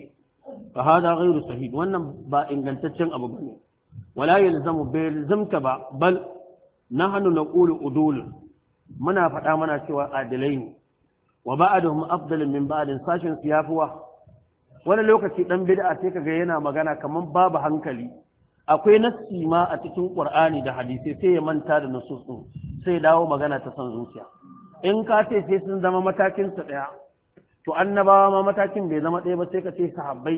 fa hada ghairu sahih wannan ba ingantaccen abu bane wala yalzamu bai lizimta ba bal nahnu naqulu udul muna faɗa mana cewa adalai ne wa ba'aduhum afdalun min ba'din sashin siyafuwa wani lokaci ɗan bid'a sai kaga yana magana kamar babu hankali akwai nassi ma a cikin qur'ani da hadisi sai ya manta da nusus su sai dawo magana ta san zuciya in ka ce sai sun zama matakin su daya to annabawa ma matakin bai zama ɗaya ba sai ka ce sahabbai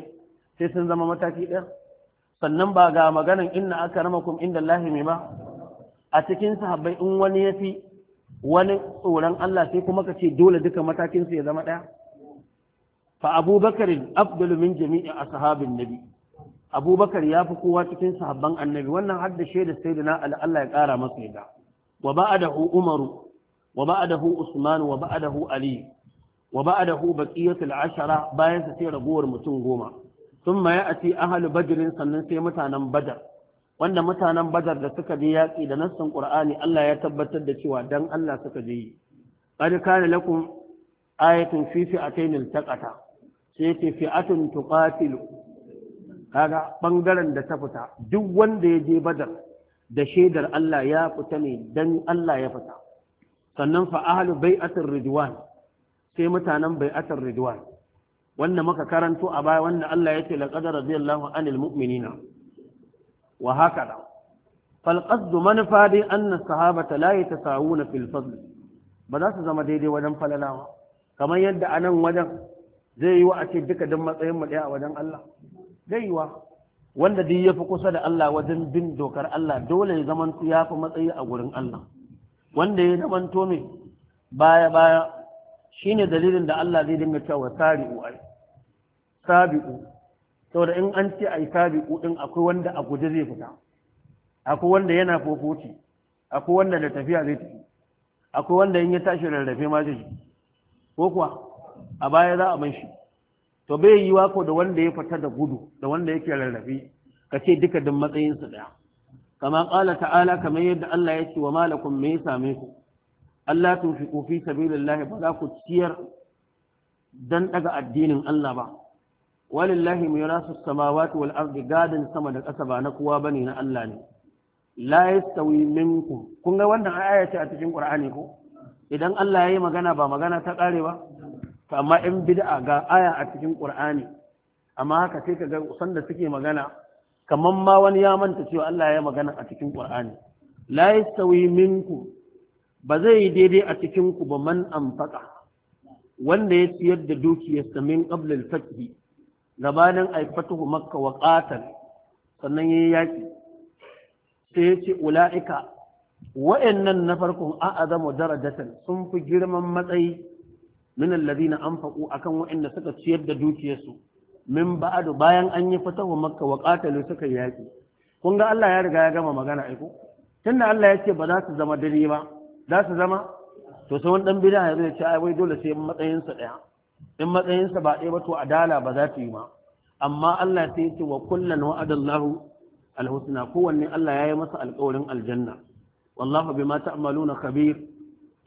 sai sun zama mataki daya sannan ba ga maganan inna inda indallahi ba, a cikin sahabbai in wani ya fi wani tsoron Allah sai kuma ka ce dole duka matakin su ya zama ɗaya. fa Abu Bakar afdalu min jami'i ashabin nabi Abu ya fi kowa cikin sahabban annabi wannan hadda shaida sayyidina Ali Allah ya kara masa yadda wa ba'adahu Umaru wa ba'adahu Usman wa ba'adahu Ali wa ba'adahu baqiyatul ashara bayan sa sai raguwar mutum goma thumma ya'ti ahlu badrin sannan sai mutanen badar wanda mutanen badar da suka bi yaƙi da nassin qur'ani Allah ya tabbatar da cewa dan Allah suka je qad kana lakum ayatun fi fi'atayn iltaqata sai ce fi'atun tuqatilu kaga bangaren da ta fita duk wanda ya je badar da shaidar Allah ya fita ne dan Allah ya fita sannan fa ahlu bai'atir ridwan sai mutanen bai'atir ridwan Wannan muka karanto a baya wanda Allah ya ce laqad radiyallahu anil mu'minina wa hakada fal qasd manfa dai anna sahabata la yatasawuna fil fadl ba za su zama daidai wajen falalawa kamar yadda anan wajen zai yi wa a ce duka don matsayin ɗaya a wajen Allah zai yi wa wanda duk ya fi kusa da Allah wajen bin dokar Allah dole ya zamanto ya fi matsayi a gurin Allah wanda ya to mai baya baya shine dalilin da Allah zai dinga cewa sari'u ai sabi'u saboda in an ce ai sabi'u din akwai wanda a guje zai fita akwai wanda yana fofoci akwai wanda da tafiya zai tafi akwai wanda in ya tashi rarrafe ma zai ko kuwa a baya za a man shi to bai yi wako da wanda ya fita da gudu da wanda yake rarrafe ka ce duka din matsayin sa daya kama qala ta'ala kamar yadda Allah ya ce wa malakum me ya same ku Allah tun fi sabilillahi ba za ku ciyar dan daga addinin Allah ba walillahi mirasu samawati wal ardi gadin sama da kasa ba na kowa bane na Allah ne la yastawi minkum kun ga wannan aya ce a cikin Qur'ani ko idan Allah ya yi magana ba magana ta kare ba to amma in bid'a ga aya a cikin qur'ani amma haka sai ka ga da suke magana kamar ma wani ya manta cewa Allah ya magana a cikin qur'ani la yastawi minkum ba zai daidai a cikin ku ba man anfaqa wanda ya ciyar da dukiyarsa min qabla al-fath gabanin ay fatuhu makka wa qatal sannan yayi yaki sai ya ce ula'ika wa'annan na farkon a'azamu darajatan sun fi girman matsayi min alladhina anfaqu akan waɗanda suka ciyar da dukiyarsu min ba'adu bayan an yi fatahu makka wa qatalu suka yaki kun ga Allah ya riga ya gama magana aiko tunda Allah ya ce ba za su zama dare ba za su zama to sai wani dan bid'a ya ce ai wai dole sai matsayin sa daya in matsayinsa sa ba daya ba to adala ba za ta yi ba amma Allah sai ya ce wa kullan wa'adallahu alhusna kowanne Allah ya yi masa alƙawarin aljanna wallahu bima ta'maluna khabir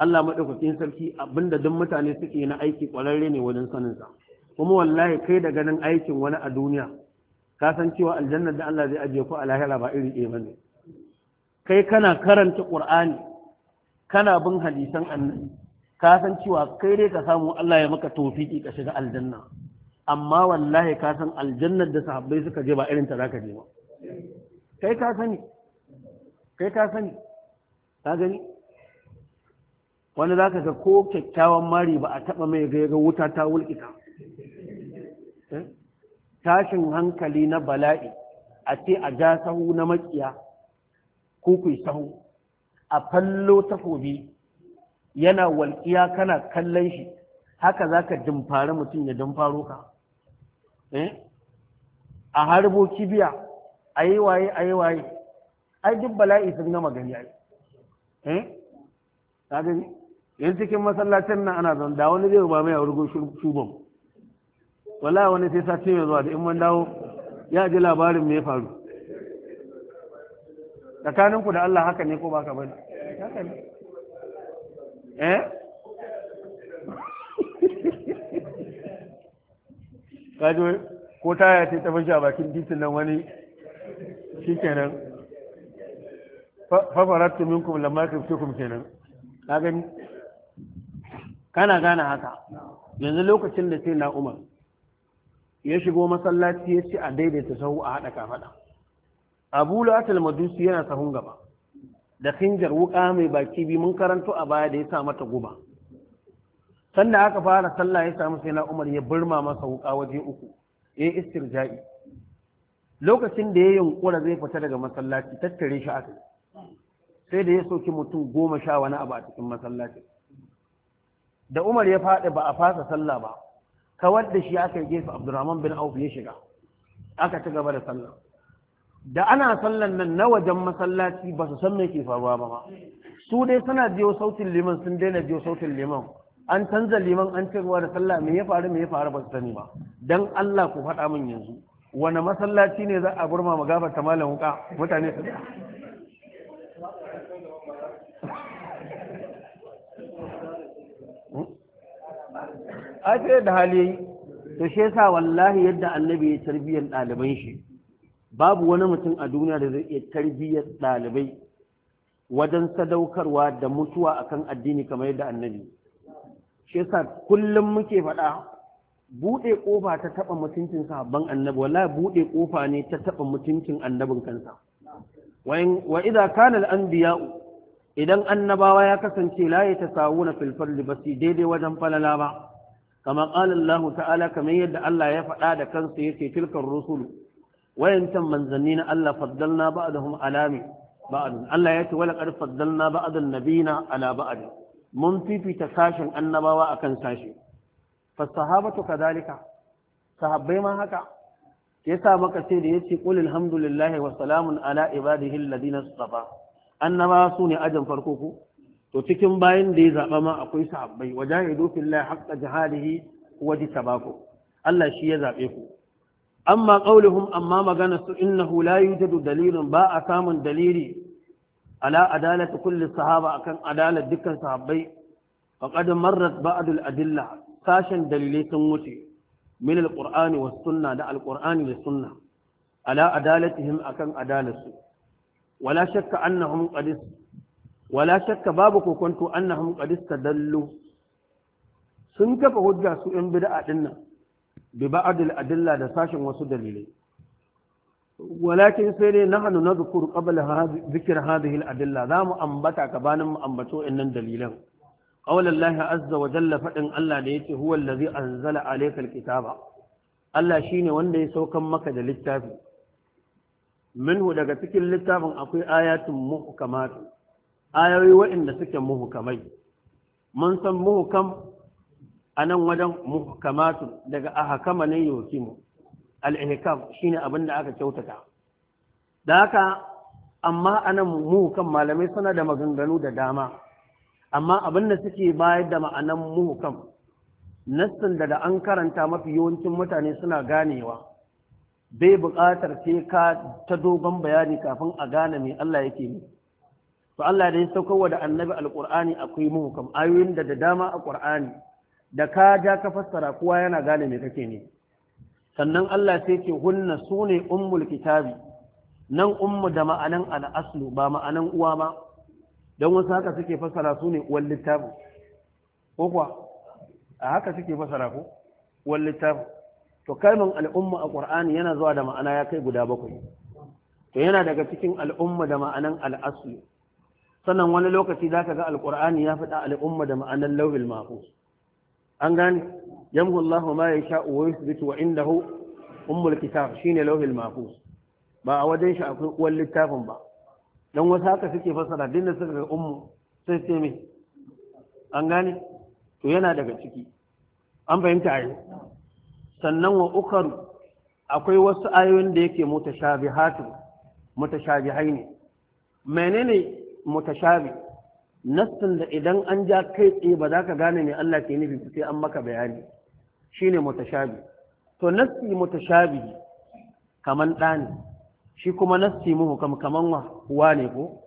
Allah madaukakin sarki abinda duk mutane suke na aiki kwararre ne wajen sanin sa kuma wallahi kai da ganin aikin wani a duniya ka san cewa aljannar da Allah zai ajiye ku a lahira ba iri ɗaya bane kai kana karanta qur'ani kana bin hadisan annabi ka san cewa kai dai ka samu Allah ya maka tofiki ka shiga aljanna amma wallahi ka san aljannar da sahabbai suka je ba irin ta zaka je ba kai ka sani kai ka sani ka gani wani za ka ga ko kyakkyawan mari ba a taɓa mai ga wuta ta wulƙita eh? tashin hankali na bala'i a ce a ja sahu na makiya ko ku sahu a fallo takobi yana walƙiya kana kallon shi haka za ka dimfari mutum ya dimfaro ka eh? a harbo kibiya a yi waye a yi waye ai duk bala'i sun gama gani ai eh yan cikin masallacin nan ana zan da wani zai ba mai a wurgun shugon wala wani sai sati mai zuwa da in man dawo ya ji labarin me ya faru tsakaninku da Allah haka ne ko ka bane haka ne eh <laughs> kaji ko taya ce ta fashe a bakin titin nan wani shikenan fafaratu minkum lamma tuftikum kenan na gani kana gane haka yanzu lokacin da sai na umar ya shigo masallaci ya ce a daidaita sahu a haɗa kafaɗa abu latul madusi yana sahun gaba da hinjar wuka mai baki bi mun karanto a baya da ya sa mata guba sanda aka fara sallah ya samu sai na umar ya burma masa wuka waje uku ya yi istirja'i lokacin da ya yunkura zai fita daga masallaci tattare shi aka sai da ya soki mutum goma sha wani abu a cikin masallaci da umar ya faɗi ba a fasa sallah ba kawar da shi aka gefe abdurrahman bin auf ya shiga aka ci gaba da sallah da ana sallan nan na wajen masallaci ba su san me ke faruwa ba ma su dai suna biyo sautin liman sun daina biyo sautin liman an canza liman an cewa da sallah me ya faru me ya faru ba su sani ba dan Allah ku faɗa min yanzu wani masallaci ne za a gurma magabar ta malam wuka mutane su a ce da hali to shi yasa wallahi yadda annabi ya tarbiyyar ɗaliban shi babu wani mutum a duniya da zai iya tarbiyyar ɗalibai wajen sadaukarwa da mutuwa akan addini kamar yadda annabi shi yasa kullum muke faɗa buɗe ƙofa ta taɓa mutuncin sahabban annabi wallahi buɗe ƙofa ne ta taɓa mutuncin annabin kansa wa idza kana al anbiya idan annabawa ya kasance la ya tasawuna fil fadli basi daidai wajen falala ba kama qala Allah ta'ala kamar yadda Allah ya faɗa da kansa yake tilkar rusulu wayantan manzanni na Allah faddalna ba'dahum alami ba'd Allah yace wala qad faddalna ba'd an ala ba'd mun fifita sashin annabawa akan sashi fasahabatu kadhalika sahabbai ma haka yasa maka sai da yace qul alhamdulillahi wa salamun ala ibadihi alladhina istafa annabawa sune ajin farko ko to cikin bayan da ya zaɓa ma akwai sahabbai wa jahidu fillahi haqqa jihadihi waji baku. Allah shi ya zaɓe ku amma qauluhum amma magana su innahu la yujadu dalilun ba a samun dalili ala adalati kulli sahaba akan adalar dukkan sahabbai faqad marrat ba'dul adilla sashen dalilai sun wuce min alqur'ani was sunna da alqur'ani da sunna ala adalatihim akan adalarsu wala shakka annahum qad wala shakka babu kokonto annahum qad istadallu sun kafa hujja su in bid'a dinnan bi ba'dil adilla da sashen wasu dalilai walakin sai ne nahnu nadhkur qabla dhikr hadhihi al adilla za mu ambata ka banin mu ambato innan dalilan qawla allah azza wa jalla fadin allah ne yace huwa allazi anzala alayka al kitaba allah shine wanda ya saukan maka da littafi minhu daga cikin littafin akwai ayatun muhkamatun ayoyi waɗanda suke muhukamai mun san muhukam a nan wajen muhukamatu daga ahakama ne yokimu al'ihikam shi shine abin da aka kyautata da haka amma a nan muhukan malamai suna da maganganu da dama amma abin da suke bayar da ma'anan muhukam, nassin da an karanta mafi yawancin mutane suna ganewa bai buƙatar sai ka ta dogon bayani kafin a gane me Allah yake nufi to Allah da ya wa da annabi alqur'ani akwai muhkam ayoyin da da dama a qur'ani da ka ja ka fassara kowa yana gane me kake ne sannan Allah sai ce hunna sune ummul kitabi nan ummu da ma'anan al'aslu ba ma'anan uwa ba don wasu haka suke fassara su ne uwan ko kuwa a haka suke fassara ko uwan littafin to kalman al'umma a ƙur'ani yana zuwa da ma'ana ya kai guda bakwai to yana daga cikin al'umma da ma'anan al'aslu sannan wani lokaci za ka ga alƙur'ani ya faɗa al'umma da ma'anar lauhil mahfuz an gane yamhu Allah ma ya sha wa yuthbitu wa indahu ummul kitab shine lauhil mahfuz ba a wajen shi akwai uwan littafin ba dan wasu haka suke fassara, din da suka ga ummu sai sai me an gane to yana daga ciki an fahimta ayi sannan wa ukaru akwai wasu ayoyin da yake mutashabihatu mutashabihai ne menene mutashabi nassin da idan an ja kai tsaye ba za ka gane ne Allah ke nufi sai an maka bayani shine mutashabi to nassi mutashabi kaman ɗani shi kuma nassi muhu kam kaman wa ne ko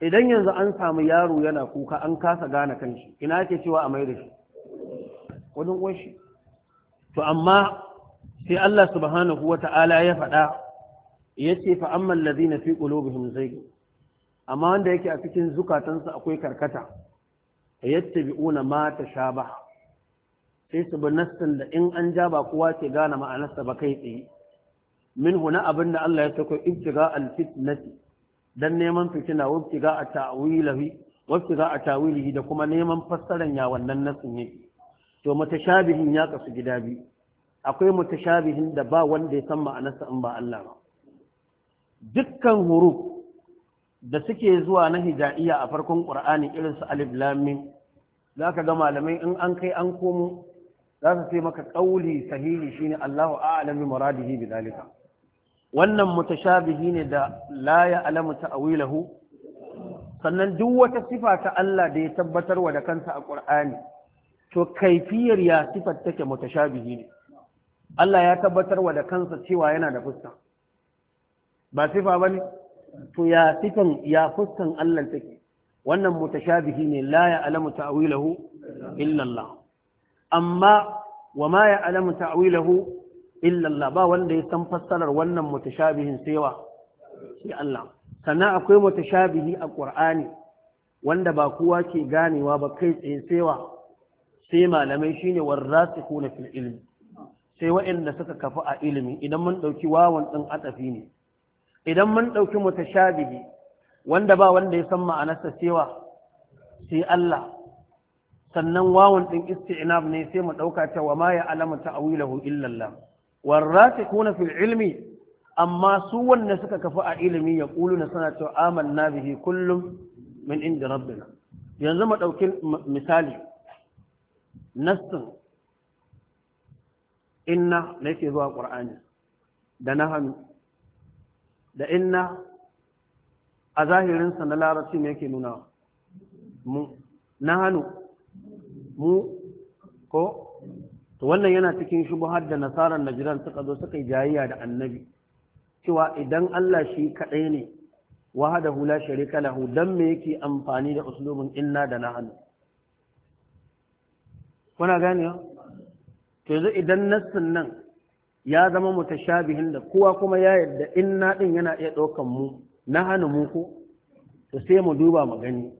idan yanzu an samu yaro yana kuka an kasa gane kanshi ina ake cewa a mai da shi wajen uwan shi to amma sai Allah subhanahu wata'ala ya faɗa ya ce fa amman ladina fi qulubihim zayg amma wanda yake a cikin zukatansa akwai karkata biuna ma ta ba. sai su bi da in an ja ba kowa ke gane ma'anarsa ba kai tsaye min huna abin da Allah ya sako ibtiga fitnati dan neman fitina wabtiga a ta'wilahi wabtiga a ta'wilihi da kuma neman fassaran ya wannan nassin yake to mutashabihin ya kasu gida biyu akwai mutashabihin da ba wanda ya san ma'anarsa in ba Allah ba dukkan huruf da suke zuwa na hija'iyya a farkon ƙur'ani irin su alif lamin za ka ga malamai in an kai an komo za su sai maka ƙauli sahihi shine Allahu a'lamu muradihi bi dalika wannan mutashabihi ne da la ya'lamu ta'wilahu sannan duk wata sifa ta Allah da ya tabbatarwa da kansa a ƙur'ani to kaifiyar ya sifar take mutashabihi ne Allah ya tabbatarwa da kansa cewa yana da fuska ba sifa bane to ya sifan ya fuskan Allah take wannan mutashabihi ne la ya alamu ta'wilahu illa Allah amma wa ma ya alamu ta'wilahu illa Allah ba wanda ya san fassarar wannan mutashabihin sai wa sai Allah sannan akwai mutashabihi a Qur'ani wanda ba kowa ke ganewa ba kai tsaye sai sai malamai shine warrasikuna fil ilmi sai waɗanda suka kafa a ilimi idan mun ɗauki wawan ɗin atafi ne idan mun ɗauki mutashabihi wanda ba wanda ya san ma'anarsa cewa sai Allah sannan wawan ɗin isti'nab ne sai mu ɗauka ta wa ma ya alamu ta'awilahu illallah warrasikuna fil ilmi amma su wanda suka kafa a ilimi ya na sana cewa amanna bihi kullum min inda rabbina yanzu mu ɗauki misali nassin inna na yake zuwa ƙur'ani da na hannu da inna a zahirinsa na larabci ne yake nuna mu na hannu mu ko to wannan yana cikin har da nasarar najiran suka zo suka yi jayayya da annabi cewa idan Allah shi kaɗai ne wahadahu la sharika lahu dan me yake amfani da uslubin inna da nahnu kuna gane to yanzu idan nassin nan ya zama mutashabihin da kowa kuma ya yadda na din yana iya ɗaukan mu na hana mu ko to sai mu duba mu gani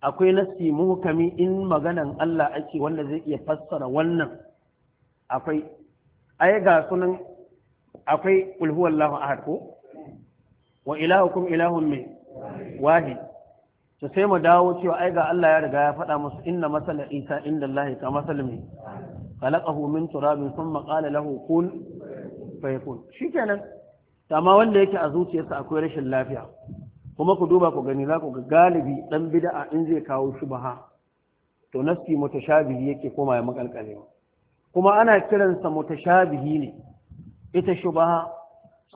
akwai nassi muhkami in maganan Allah ake wanda zai iya fassara wannan akwai ai ga sunan akwai qul huwallahu ahad ko wa ilahukum ilahun min wahid to sai mu dawo cewa ai ga Allah ya riga ya faɗa musu inna masala isa inda Allah ka masalmi khalaqahu min turabin sun makala lahu kun fayakun shikenan amma wanda yake a zuciyarsa akwai rashin lafiya kuma ku duba ku gani za ku ga galibi dan bid'a in zai kawo shubha to nasti mutashabihi yake koma ya makalkalewa kuma ana kiransa mutashabihi ne ita shubha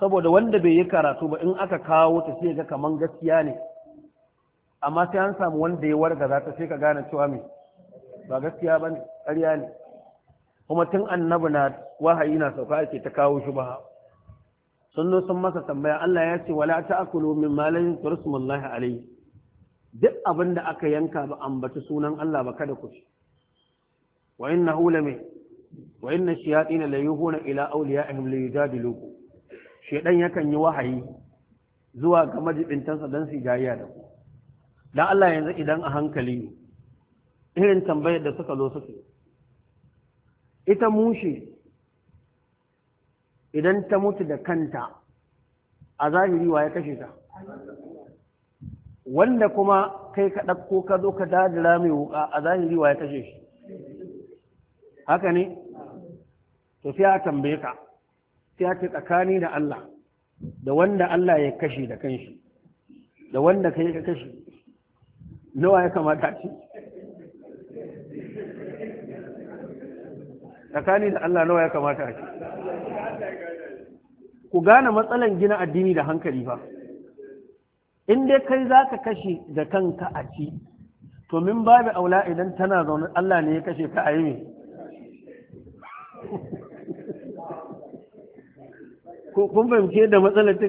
saboda wanda bai yi karatu ba in aka kawo ta sai ga kaman gaskiya ne amma sai an samu wanda ya warga za ta sai ka gane cewa me ba gaskiya bane ƙarya ne kuma tun annabi na wahayi na sauka ake ta kawo shi ba sun sun masa tambaya Allah ya ce wala ta'kulu min malin turusmullahi alayhi duk abinda aka yanka ba ambaci sunan Allah ba kada ku ci wa innahu lamay wa inna shayatin la yuhuna ila awliyaihim li yujadiluku shedan yakan yi wahayi zuwa ga majibintansa dan su jayya da ku dan Allah yanzu idan a hankali irin tambayar da suka zo yi ita mushe idan ta mutu da kanta a zahiri wa ya kashe ta wanda kuma kai ka ɗauko ka zo ka dajira mai wuka a zahiri wa ya kashe shi haka ne to sai a tambaye ka sai a ce tsakani da Allah da wanda Allah ya kashe da kanshi da wanda kai ka kashe nawa ya kamata ce tsakani da Allah nawa ya kamata a ku gane matsalan gina addini da hankali ba. in dai kai za ka kashe da kanka a ci to min babu aula idan tana zaune Allah ne ya kashe ka a yi me kun fahimce da matsalar ta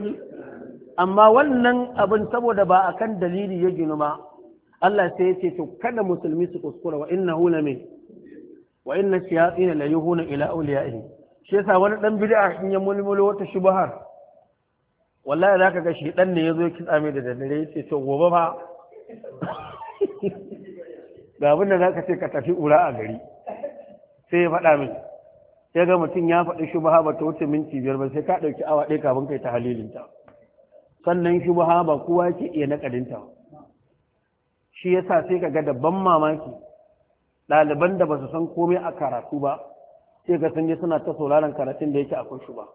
amma wannan abin saboda ba a kan dalili ya gina ba Allah sai ya ce to kada musulmi su kuskura wa hula mai. wa inna shayatin la yuhuna ila awliya'ihi shi yasa wani dan bid'a in ya mulmulo wata shubahar wallahi zaka ga shi dan ne yazo ya kitsa mai da daddare yace to gobe fa ga abin da zaka ce ka tafi ura a gari sai ya faɗa min sai ga mutum ya faɗi shubha ba ta wuce minti biyar ba sai ka ɗauki awa ɗaya kafin kai ta halilinta sannan shubha ba kowa yake iya naƙadinta shi yasa sai ka ga da ban mamaki ɗaliban da ba su san komai a karatu ba sai ga sun suna ta sauraron karatun da yake a kunshi ba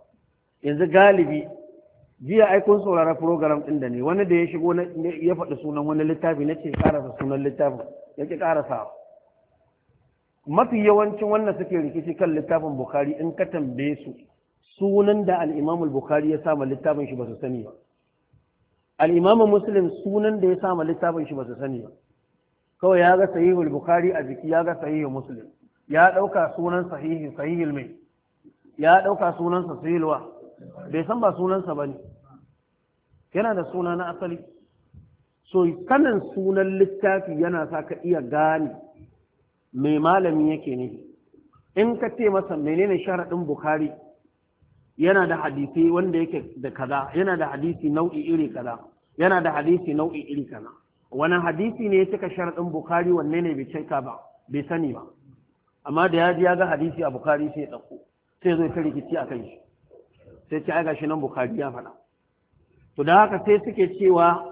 yanzu galibi jiya ai kun saurara program ɗin da ne wani da ya shigo ya faɗi sunan wani littafi na ce karasa sunan littafin ya ƙi karasa mafi yawancin wannan suke rikici kan littafin bukari in ka tambaye su sunan da al'imamul bukari ya sama littafin shi ba su sani ba al'imamul muslim sunan da ya sama littafin shi ba su sani ba kawai ya ga sahihul bukhari a jiki ya ga sahihul muslim ya dauka sunan sahihi sahihul mai ya dauka sunan sa sahihulwa bai san ba sunan sa bane yana da suna na asali so kanan sunan littafi yana sa ka iya gane mai malami yake ne in ka ce masa menene sharaɗin bukhari yana da hadisi wanda yake da kaza yana da hadisi nau'i iri kaza yana da hadisi nau'i iri kaza wani hadisi ne ya cika sharaɗin bukari wanne ne bai sani ba amma da ya ya ga hadisi a bukari sai ya ɗauko sai ya ta rikici a kan shi sai ce aiga shi nan bukari ya faɗa to da haka sai suke cewa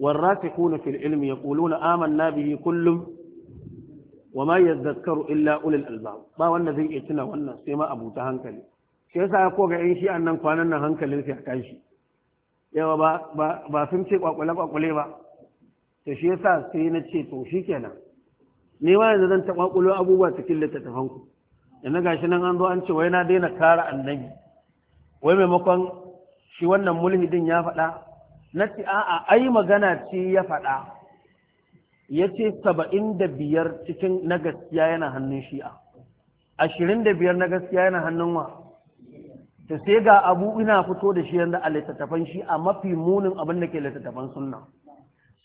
warrafi kuna fil ilmi ya kulu na aman na biyu kullum wa ma ya illa ulil albab ba wanda zai iya tuna wannan sai ma abu ta hankali shi yasa ya koga yan shi'an nan kwanan nan hankalin sai ya kan shi yawa ba sun ce kwakwale-kwakwale ba ta shi yasa sai na ce to shi kenan ni wa yanzu zan taɓa ƙulo abubuwa cikin littattafan ku yanzu shi nan an zo an ce wai na daina kara annabi wai maimakon shi wannan mulhidin ya faɗa na ce a'a ai magana ce ya faɗa ya ce saba'in da biyar cikin na gaskiya yana hannun shi'a ashirin da biyar na gaskiya yana hannun wa ta sai ga abu ina fito da shi yanzu a littattafan shi'a mafi munin abin da ke littattafan sunna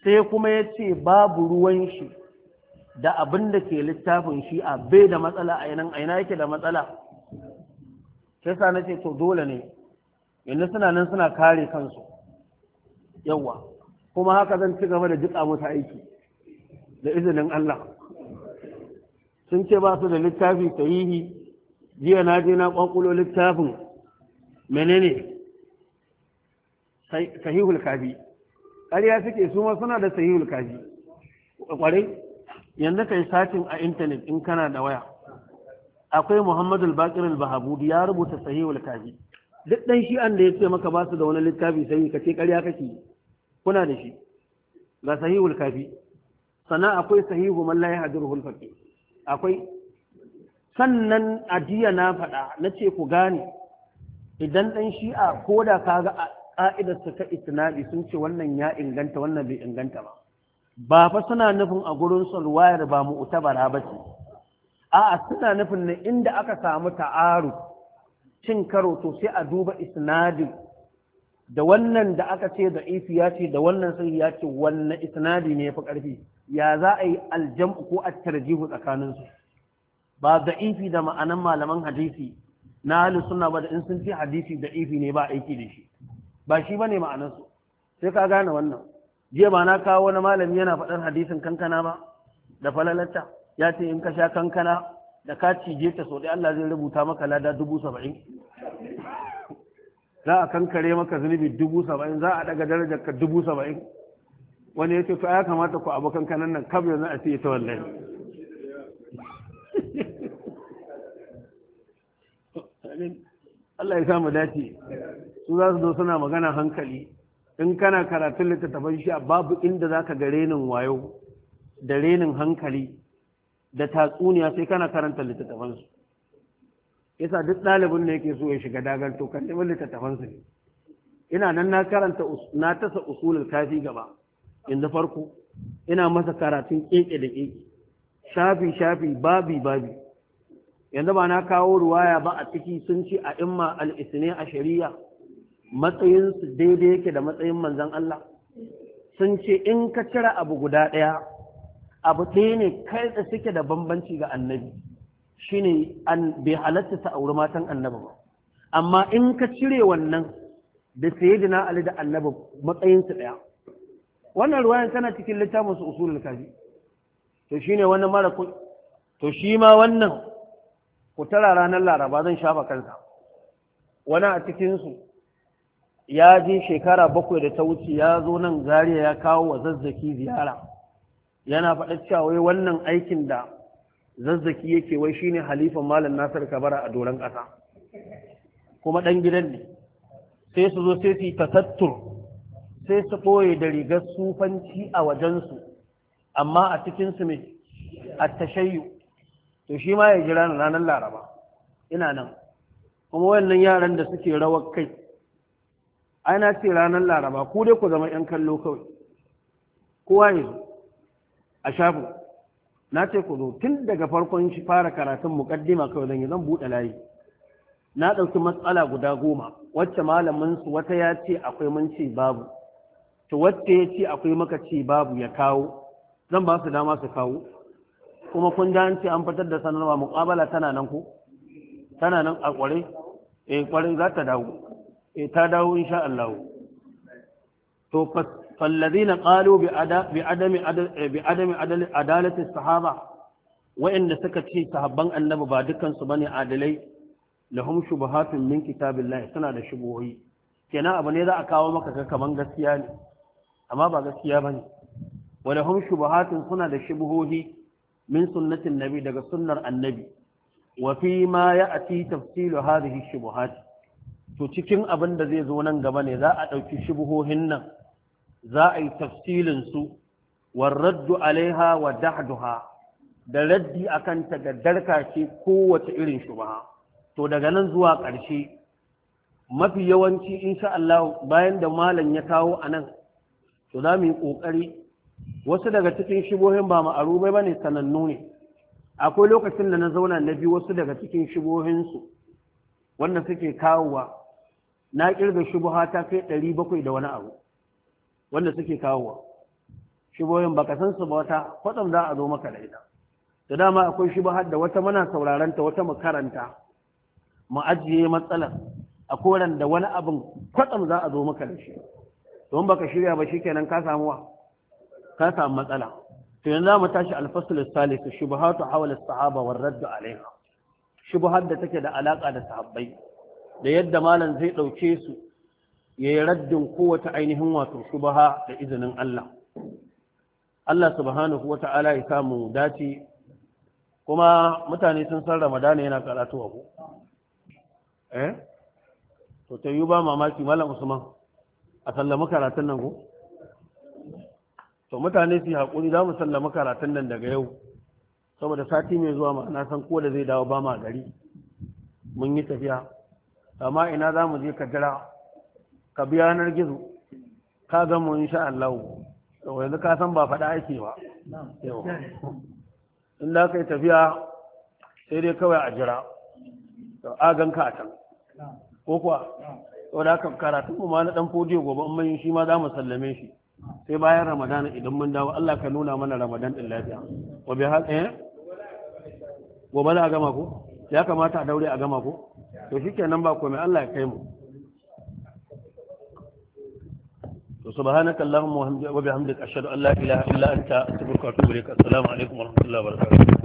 sai kuma ya ce babu ruwan shi da abin da ke littafin shi a bai da matsala a yanan aina yake da matsala sai sa na ce to dole ne yanzu suna nan suna kare kansu Yawwa, kuma haka zan ci gaba da jiƙa mata aiki da izinin Allah sun ce ba su da littafi sahihi jiya na je na kwakulo littafin menene sahihul kabi ƙarya suke su ma suna da sahihul kaji ƙwarai yanzu kai satin a intanet in kana da waya akwai muhammadu bakir al-bahabudi ya rubuta sahihul kaji duk dan shi an da ya ce maka ba su da wani littafi sai ka ce ƙarya kake kuna da shi ga sahihul kafi sannan akwai sahihu man la yahduruhu akwai sannan ajiya na faɗa na ce ku gane idan ɗan shi'a ko da ka ga su ta itinabi sun ce wannan ya inganta wannan bai inganta ba ba fa suna nufin a gurin wayar ba mu utabara ba ce a'a suna nufin na inda aka samu ta'aru cin karo to sai a duba isnadin da wannan da aka ce da ifi ya ce da wannan sai ya ce wannan isnadi ne fi ƙarfi ya za a yi aljam'u ko a tarjihu tsakanin su ba da ifi da ma'anan malaman hadisi na halin suna ba da in sun ce hadisi da ifi ne ba aiki da shi ba shi bane ma'anarsu sai ka gane wannan jiya ba na kawo wani malami yana faɗar hadisin kankana ba da falalata. ya ce in ka sha kankana da ka cije ta sau Allah zai rubuta maka lada dubu saba'in za a kankare maka zunubi dubu saba'in za a daga darajar ka dubu saba'in wani ya ce to ya kamata ku abu kankanan nan kam yanzu a ce ta wallahi <laughs> Allah ya samu dace su za su zo suna magana hankali in kana karatun littattafan shi babu inda za ka ga renin wayo da renin hankali da tatsuniya sai kana karanta littattafansu yasa duk ɗalibin da yake so ya shiga dagar to kan littattafan littattafansu ne ina nan na karanta na tasa usulul kafi gaba yanzu farko ina masa karatun keke da keke shafi shafi babi babi yanzu ba na kawo ruwaya ba a ciki sun ci a imma al isnai a shari'a matsayinsu daidai yake da matsayin manzan Allah sun ce in ka cire abu guda ɗaya abu ɗaya ne kai da suke da bambanci ga annabi shine an bai halatta ta auri matan annabi ba amma in ka cire wannan da sayyidina Ali da annabi matsayinsu ɗaya wannan ruwayan tana cikin littafin su usulul kafi to shine wannan mara to shi ma wannan ku tara ranar laraba zan shafa kansa wani a cikinsu ya je shekara bakwai da ta wuce ya zo nan zariya ya kawo wa zazzaki ziyara yana faɗa cewa wannan aikin da zazzaki yake wai shine halifan malam nasir kabara a doron ƙasa kuma ɗan gidan ne sai su zo sai su yi sai su ɓoye da rigar sufanci a wajensu amma a cikin mai a tashayyu to shi ma ya jira ranar laraba ina nan kuma wannan yaran da suke rawar kai ana ce ranar laraba ku dai ku zama yan kallo kawai kowa ne a shafin na ce ku zo tun daga farkon shi fara karatun mukaddima kawai zan yi zan buɗe layi na ɗauki matsala guda goma wacce malamin su wata ya ce akwai mun ce babu to wacce ya ce akwai maka ce babu ya kawo zan ba su dama su kawo kuma kun ji an ce an fitar da sanarwa muƙabala tana nan ko tana nan a ƙware eh ƙware za ta dawo e ta dawo insha Allah to fallazina qalu bi adami bi adami eh, adalati sahaba wa'anda suka ce sahabban annabi ba dukkan su bane adalai lahum shubuhatun min kitabillahi suna da shubuhoyi kenan abu ne za a kawo maka ga kaman gaskiya ne amma ba gaskiya bane walahum shubuhatun suna da shubuhohi min sunnatin nabi daga sunnar annabi wa fi ma ya'ti tafsilu hadhihi shubuhat to cikin abin da zai zo nan gaba ne za a ɗauki shubuhohin nan za a yi tafsilin su warraddu alaiha wa dahduha da raddi akan ta ga ce kowace irin shubaha. to daga nan zuwa ƙarshe mafi yawanci insha Allah bayan da malam ya kawo anan to za mu yi ƙoƙari wasu daga cikin shubohin ba ma'arubai ba ne sanannu ne akwai lokacin da na zauna na bi wasu daga cikin shubohinsu wanda suke kawowa na kirga shubuha ta kai ɗari bakwai da wani abu wanda suke kawowa shubohin baka san su ba wata kwatsam za a zo maka da ita da dama akwai shubuhar da wata muna sauraron ta wata mu karanta mu ajiye matsalar a koran da wani abin kwatsam za a zo maka da shi don baka shirya ba shikenan ka samu wa ka samu matsala to yanzu mu tashi alfasul fasl salis shubuhatu hawala sahaba war radd alaiha shubuhar da take da alaka da sahabbai da yadda malam zai ɗauke su ya yi raddin kowace ainihin wato shubaha da izinin Allah. Allah subhanahu wa ta'ala ya samu dace kuma mutane sun san Ramadana yana karatuwa ko? Eh? To ta yi ba mamaki malam Usman a sallama karatun nan ko? To mutane su yi haƙuri za mu sallama karatun nan daga yau saboda sati mai zuwa ma'ana na san ko da zai dawo ba ma gari mun yi tafiya amma ina za mu je ka jira ka bi yanar gizo ka gamu insha Allah yanzu ka san ba faɗa ake ba in da kai tafiya sai dai kawai a jira agan ka a can ko kuwa to da aka karatu kuma na ɗan fodi gobe in mai shi ma za mu sallame shi sai bayan ramadana idan mun dawo Allah ka nuna mana ramadan ɗin lafiya wa bi hal eh gobe za a gama ko ya kamata a daure a gama ko to nan ba komai Allah ya kai mu to subhanaka allahumma wa bihamdika ashhadu an la ilaha illa anta astaghfiruka wa atubu assalamu alaikum wa rahmatullahi wa barakatuh